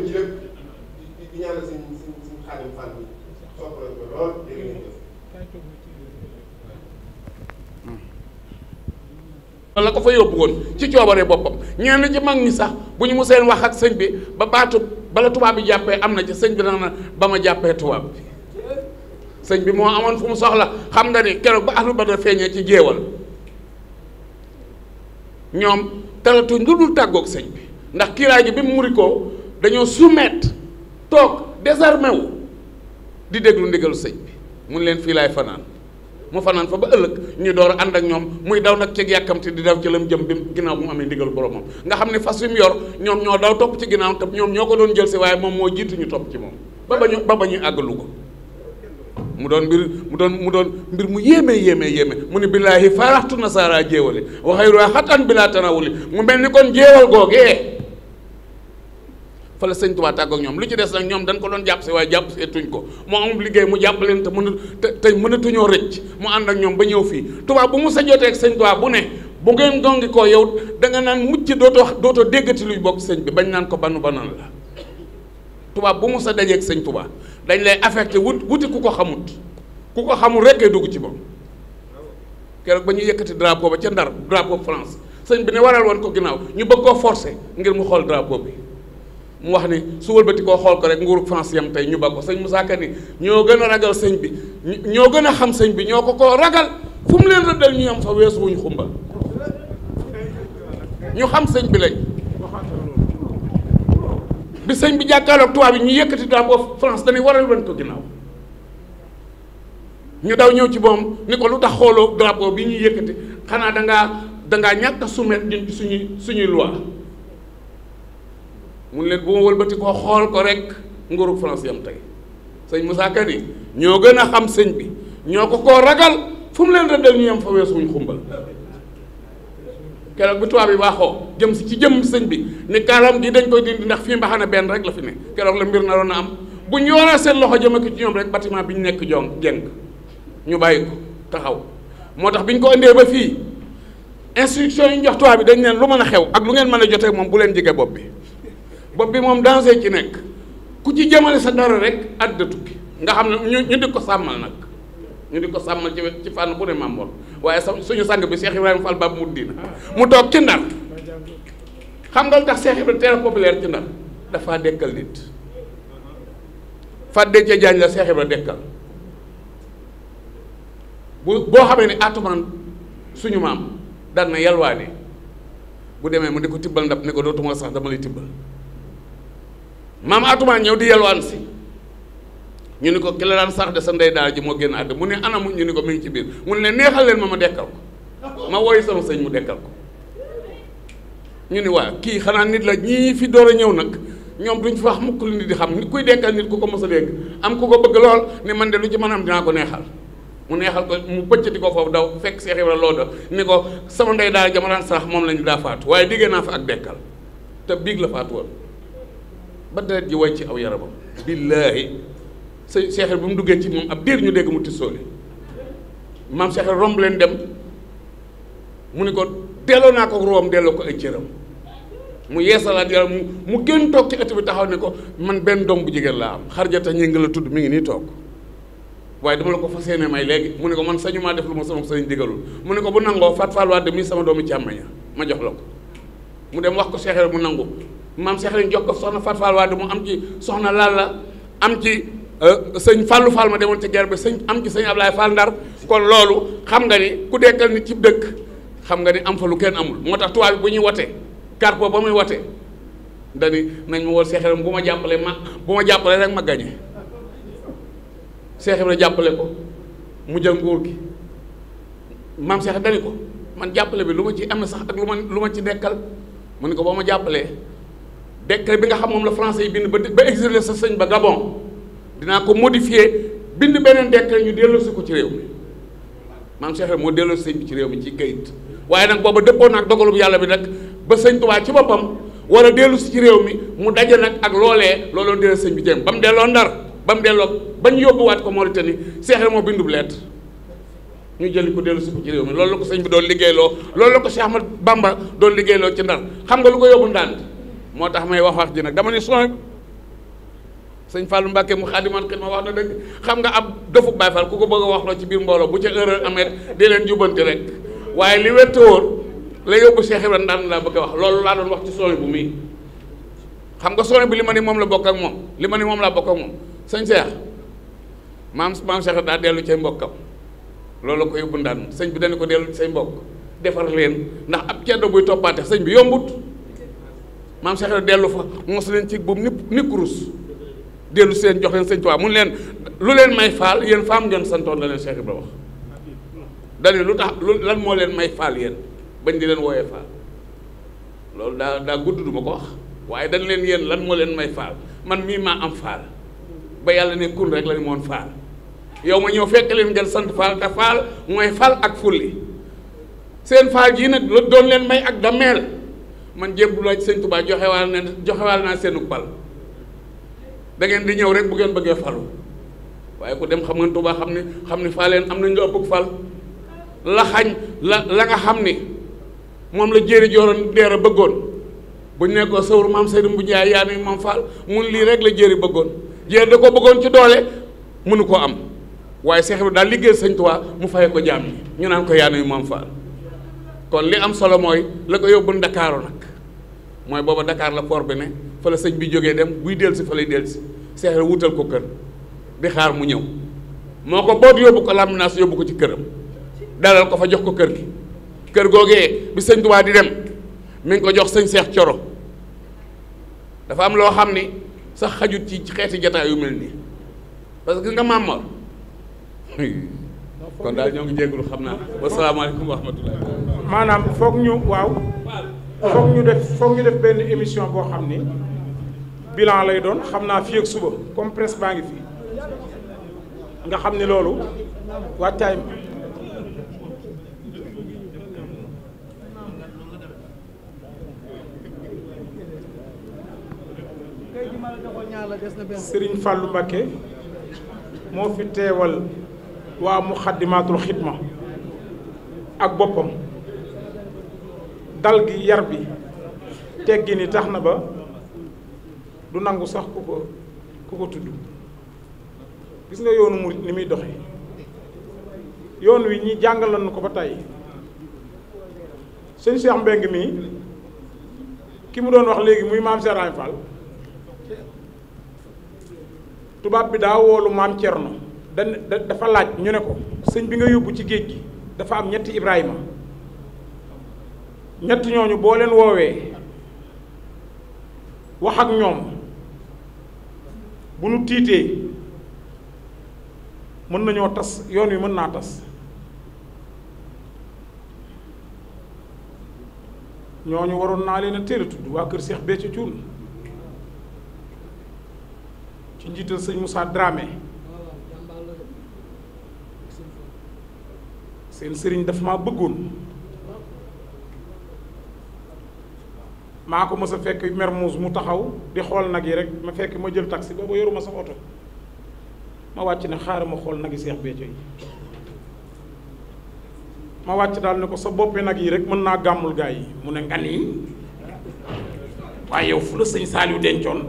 ko fa yóbbu woon ci coobare boppam ñenn ci mag ñi sax bu ñu mu seen wax ak sëñ bi ba baatu bala tubaab bi jàppee am na ci sëñ bi na ba ma jàppee tubaab bi sëñ bi moo amoon fu mu soxla xam nga ni keroog ba ahlu badar feeñee ci jéewal ñoom talatuñ lu dul tàggoog sëñ bi ndax kiiraay gi bi mu muri koo dañoo soumettre toog désarmé di déglu ndigalu sëñ bi mun leen fii laay fanaan mu fanaan fa ba ëllëg ñu door ànd ak ñoom muy daw nag ci yàkkamti di daw ci lam jëm bi ginnaaw bu mu amee ndigal boromam nga xam ne fas wi mu yor ñoom ñoo daw topp ci ginnaaw te ñoom ñoo ko doon jël si waaye moom moo jiitu ñu topp ci moom ba ba ñu ba ba ñuy àggalu ko mu doon mbir mu doon mu doon mbir mu yéeme yéeme yéeme mu ne billaahi faaraxtu nasaara jéewale waxay ruwaa xat an bilaa tanawuli mu mel ni kon jéewal googee fa la sëñ Tuubaa tàggoog ñoom lu ci des nag ñoom dañ ko doon jàpp si waaye jàpp see tuñ ko mu am liggéey mu jàpp leen te mën a te mënatuñoo rëcc mu ànd ak ñoom ba ñëw fii Tuubaa bu mu sa jotee ak sëñ Tuubaa bu ne bu ngeen gongi koo yow danga nga naan mucc dootoo dootoo déggati luy bokk sëñ bi bañ naan ko banu banan la Tuubaa bu mu sa dajeeg sëñ Tuubaa dañ lay affecté wut wuti ku ko xamut ku ko xamul rek dugg ci moom keroog ba ñu yëkkati drapeau ba ca ndar drapeau France sëñ bi waral woon ko ginnaaw ñu bëgg koo ngir mu xool drapeau bi mu wax ni su wëlbati koo xool ko rek nguuru France yam tey ñu ba ko sëñ Moussa Ka ni ñoo gën a ragal señ bi ñoo gën a xam sëñ bi ñoo ko ko ragal fu mu leen rëddal ñu yam fa weesu wuñ xumba ñu xam sëñ bi lañ bi sëñ bi jàkkaarloog tubaab bi ñu yëkkati drapeau France dañuy waral wan ko ginnaaw ñu daw ñëw ci moom ni ko lu tax xooloo drapeau bi ñuy yëkkati xanaa dangaa dangaa ñàkk a soumettre suñuy suñuy loi mu leen bu ma wëlbati koo xool ko rek nguurug France yam tey sëñ saa Ka yi ñoo gën a xam sëñ bi ñoo ko koo ragal fu mu leen rëddal ñu yem weesuwuñ xumbal keroog bi tubaab bi waaxoo jëm si ci jëm sëñ bi ni kaalam gi dañ koy dindi ndax fii mbaxana benn rek la fi ne keroog la mbir naroon a am bu ñu yoree seen loxo jëm ak ci ñoom rek bâtiment bi ñu nekk jong jeng ñu bàyyi ko taxaw moo tax bi ñu ko indee ba fii instruction yi ñu jox tubaab bi dañ leen lu mën a xew ak lu ngeen mën a jotee moom bu leen jege bopp bi bopp bi moom dansé ci nekk ku ci jëmale sa dara rek at da tukki nga xam ne ñu ñu di ko sàmmal nag ñu di ko sàmmal ci ci fànn bu ne Mamor waaye sa suñu sang bi Cheikh Ibrahima Fall Baab Mouridina mu toog ci ndar xam nga tax Cheikh Ibrahima teel populaire ci ndar dafa dekkal nit fa denc jaañ la Cheikh Ibrahima dekkal bu boo xamee ne atumaan suñu maam dan na yalwaane bu demee mu di ko tibbal ndab ne ko dootuma sax dama lay tibbal. maam Atouma ñëw di yelwaan si ñu ni ko ki la daan sax de sa ndey daal ji moo génn àdd mu ne anamu ñu ni ko mi ngi ci biir mu ne neexal leen ma ma dekkal ko ma woy sama sëñ mu dekkal ko ñu ni waa kii xanaa nit la ñii fi door a ñëw nag ñoom duñ fi wax mukk lu xam ni kuy dekkal nit ku ko mos a dégg am ku ko bëgg lool ne man de lu ci mën am dinaa ko neexal mu neexal ko mu pëccati ko foofu daw fekk Seex Ibra loo da ni ko sama ndey daal jama sax moom la ñu daa faatu waaye diggee naa fa ak dekkal te biig la woon ba deret ji way ci aw yaramam billaahi sëñ Cheikh bu mu duggee ci moom ab biir ñu dégg mu tissooli maam Cheikh romb leen dem mu ne ko delloo naa ko room delloo ko ay cëram mu yeesalaat yàlla mu mu gën toog ci ëtt bi taxaw ne ko man benn doom bu jigéen laa am xarjata ñi nga la tudd mi ngi nii toog waaye dama la ko fa yéene may léegi mu ne ko man sañu maa def lu ma sama sëriñ digalul mu ne ko bu nangoo faat faal waa de mi sama doomu càmmaña ma jox la mu dem wax ko Cheikh mu nangu maam Cheikh lañ jox ko soxna Fatou Fall Wade mu am ci soxna Lalla am ci euh, sëñ falu Fall ma demoon ci guerre bi sëñ am ci sëñ Ablaye Fall Ndar kon loolu xam nga ni ku dekkal nit ci dëkk xam nga ni am fa lu kenn amul moo tax tubaab bi bu ñuy wote carpo ba muy wote dani nañ ma wool bu ma jàppale ma bu ma jàppale rek ma gañe Cheikh Ibrahima jàppale ko mu jël nguur gi maam Cheikh dani ko man jàppale bi lu ma ci am na sax ak lu ma lu ma ci nekkal mu ne ko boo ma jàppalee décret bi nga xam moom la français yi bind ba ba exilé sa sëñ ba Gabon dinaa ko modifier bind beneen décret ñu delloosi ko ci réew mi maam Cheikh moo delloosi sëñ bi ci réew mi ci waaye nag booba dëppoo naag dogalub yàlla bi nag ba sëñ Tuubaa ci boppam war a dellusi ci réew mi mu daje nag ak loolee looloon delloo sëñ bi jëm ba mu delloo Ndar ba mu delloo ba ñu yóbbuwaat ko Mauritanie Cheikh moo bindub lettre ñu jëli ko dellusi ko ci réew mi loolu la ko sëñ bi doon liggéeyloo loolu la ko Cheikh Ahmad Bamba doon liggéeyloo ci Ndar xam nga lu ko yóbbu Ndande moo tax may wax wax ji nag dama ne Sohaybu sëñ Fallou Mbacke mu xaadiman xidma wax na dëgg xam nga am dofu Baay Fall ku ko bëgg a waxloo ci biir mbooloo bu ca erreur amee di leen jubanti rek waaye li wér te wóor la yóbbu Cheikh Ibrahima daan laa bëgg a wax loolu laa doon wax ci Sohaybu mii xam nga Sohaybu li ma ne moom la bokk ak moom li ma ne moom laa bokk ak moom sëñ Cheikh maam maam Cheikh daa dellu cay loolu ko yóbbu ndaan sëñ bi dañu ko dellu ci say mbokk defar leen ndax ab ceddo buy toppaate sëñ bi yombut maam Cheikh Ibra dellu fa mos leen ci boobu nit nit kurus dellu seen jox leen sëñ Tuubaa mun leen lu leen may faal yéen faam ngeen santoon la leen Cheikh Ibra wax dani lu tax lu lan moo leen may faal yéen bañ di leen wooyee faal loolu daa daa gudd duma ko wax waaye dañ leen yéen lan moo leen may faal man mii maa am faal ba yàlla ne kun rek la ni moon faal yow ma ñëw fekk leen ngeen sant faal te faal mooy faal ak fulli seen faal jii nag doon leen may ak dameel man jébbu laa ci sëñ Tuubaa joxewaal na joxewaal naa seenu bal da di ñëw rek bu ngeen bëggee falu waaye ku dem xam nga Tuubaa xam ne xam ne faa leen am nañ la ëpp fal la xañ nga xam ne moom la jéeri jooroon deer bëggoon bu nekkoon sawur maam bu jaay yaa ni maam mun lii rek la jéeri bëggoon jéeri da ko bëggoon ci doole mënu koo am waaye Seex bi daal liggéey sëñtuwaa mu faye ko jaam yi ñu naan ko yaa yi moom Fall kon li am solo mooy la ko yóbbu Ndakaaru nag mooy booba Dakar la port bi ne fa la sëñ bi jógee dem buy dellu si fa lay dellu si seex wutal ko kër di xaar mu ñëw moo ko boot yóbbu ko laminaas yóbbu ko ci këram dalal ko fa jox ko kër gi kër googee bi sëñ Tuubaa di dem mi ngi ko jox sëñ Seex Coro dafa am loo xam ni sax xajut ci xeeti jataay yu mel nii parce que nga maam Mor kon daal ñoo ngi jégalu xam naa wasalaamaaleykum wa rahmatulah. maanaam foog ñu waaw. foog ñu def foog ñu def benn émission boo xam ni bilan lay doon xam naa fi ak suba comme presse baa ngi fii nga xam ni loolu waajtaay Sëriñ Fàllu Bakke moo fi teewal waa Muxaddamaatul Xidma ak boppam dal gi yar bi teggi ni tax na ba du nangu sax ku ko ku ko tudd gis nga yoonu murit ni muy doxe yoon wi ñu jàngal nañu ko ba tàyyi sëñ Cheikh Mbeng mi ki mu doon wax léegi muy maam Serigne Fall tubaab bi daa woolu maam na da dafa laaj ñu ne ko sëñ bi nga yóbbu ci géej gi dafa am ñetti Ibrahima ñett ñooñu boo leen woowee wax ak ñoom bu nu tiitee mën nañoo tas yoon wi mën naa tas ñooñu waroon naa leen a téere tudd waa kër Cheikh Béthio Thioune ci njiital sëñ Moussa Dramé seen sëriñ daf maa bëggoon maa ko mës a fekk Mermoz mu taxaw di xool nag yi rek ma fekk ma jël taxi boobu yoruma sax oto ma wàcc ne xaaral ma xool nag yi Seex Béthio yi ma wàcc daal ne ko sa boppi nag yi rek mën naa gàmmul gaa yi mu ne nga nii waaye yow fu la sëñ Saaliw dencoon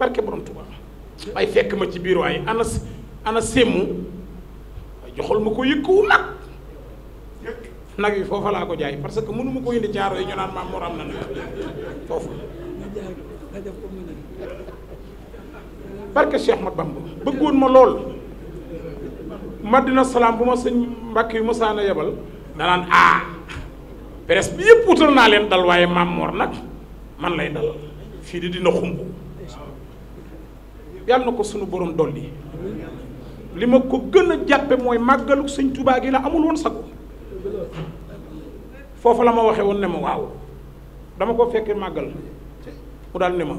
barke borom Tuubaa waaye fekk ma ci biir waaye ana ana sémmu joxal ma ko yëkkuwu nag nag yi foofa laa ko jaay parce que mënuma ma ko indi caaro yi ñu naan maam am na nag foofu barke Cheikh Mat Bamba bëggoon ma lool Madina Salaam bu ma sëñ mbàkk yu mosaan a yebal danaan ah presse bi wutal naa leen dal waaye maam nag man lay dal fii di dina xumb yàlla na ko sunu borom dolli li ma ko gën a jàppe mooy màggalu sëñ Tuubaa gi la amul woon sago foofu la ma waxee woon ne ma waaw dama ko fekkee màggal mu daal ne ma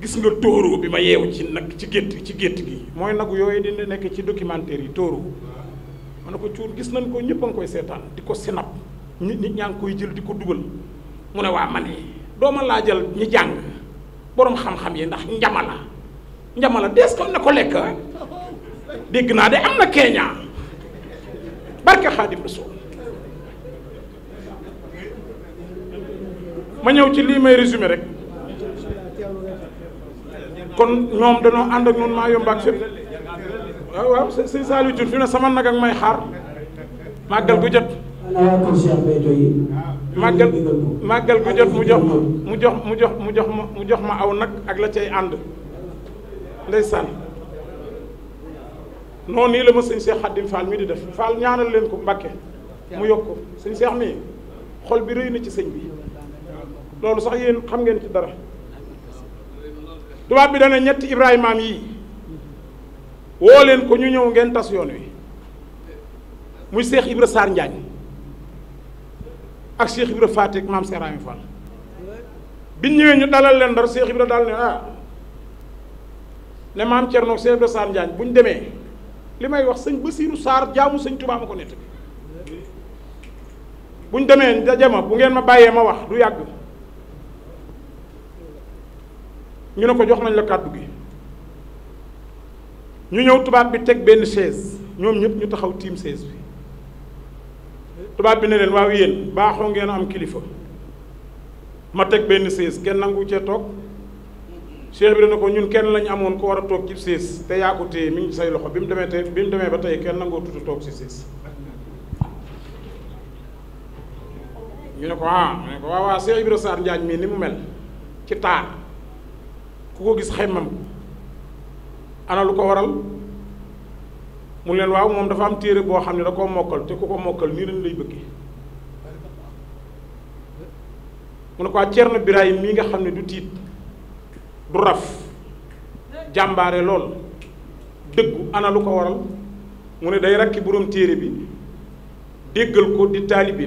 gis nga tóoroo bi ma yeewu ci nag ci gétt ci gétt gi mooy nagu yooyu dina nekk ci documentaire yi tóoroo ma ne ko cuur gis nañ ko ñëpp ngi koy seetaan di ko sinap nit nit ñaa ngi koy jël di ko dugal mu ne waa man yi doo ma laajal ñi jàng boroom xam-xam yi ndax njamala njamala dees ko ne ko lekk dégg naa de am na keeñaa barke Xaadim Rasuul ma ñëw ci lii may résumé rek kon ñoom danoo ànd ak ñun maa yomb ak fépp waaw waaw sëñ Saliou Thioune fi ne sama nag ak may xaar màggal gu jot. màggal màggal gu mu jox mu jox mu jox ma mu jox ma aw nag ak la cay ànd ndeysaan noonu nii la ma sëñ Cheikh Khadim Fall mi di def Fall ñaanal leen ko Mbàkke mu yokk sëñ seex mi xol bi rëy na ci sëñ bi. loolu sax yéen xam ngeen ci dara tubaab bi dana ñetti ibrahimaam yi woo leen ko ñu ñëw ngeen tas yoon wi muy seex Ibra Sarr ak Cheikh Ibra Fatick maam Serami Fall biñ ñëwee ñu dalal leen dara Cheikh Ibra daal ne ah. ne maam Thierno Cheikh Ibra Sarr Njaañ buñ demee li may wax sëñ Basiiru Sarr jaamu sëñ Tuubaa ma ko nett bi buñ demee dajama bu ngeen ma bàyyee ma wax du yàgg ñu ne ko jox nañ la kàddu gi ñu ñëw tubaab bi teg benn chaise ñoom ñëpp ñu taxaw tiim chaise bi tubaab bi ne leen waaw yéen baaxoo ngeen am kilifa ma teg benn chaise kenn nangu cee toog cheikh bi dana ko ñun kenn lañ amoon ko war a toog ci chaise te yaa ko téye mi ngi say loxo bi mu demee te bi mu demee ba tey kenn nangoo tutu toog si chaise ñu ne ko ah mu ne ko waaw waaw Cheikh Ibra Sarr Njaañ mii ni mu mel ci taar ku ko gis xemmam ana lu ko waral mu leen waaw moom dafa am téere boo xam ne da koo mokkal te ku ko mokkal nii lañ lay bëggee mu ne ko Cerno Birahim mii nga xam ne du tiit du raf jàmbaare lool dëggu ana lu ko waral mu ne day rakki boroom téere bi déggal ko di taalibe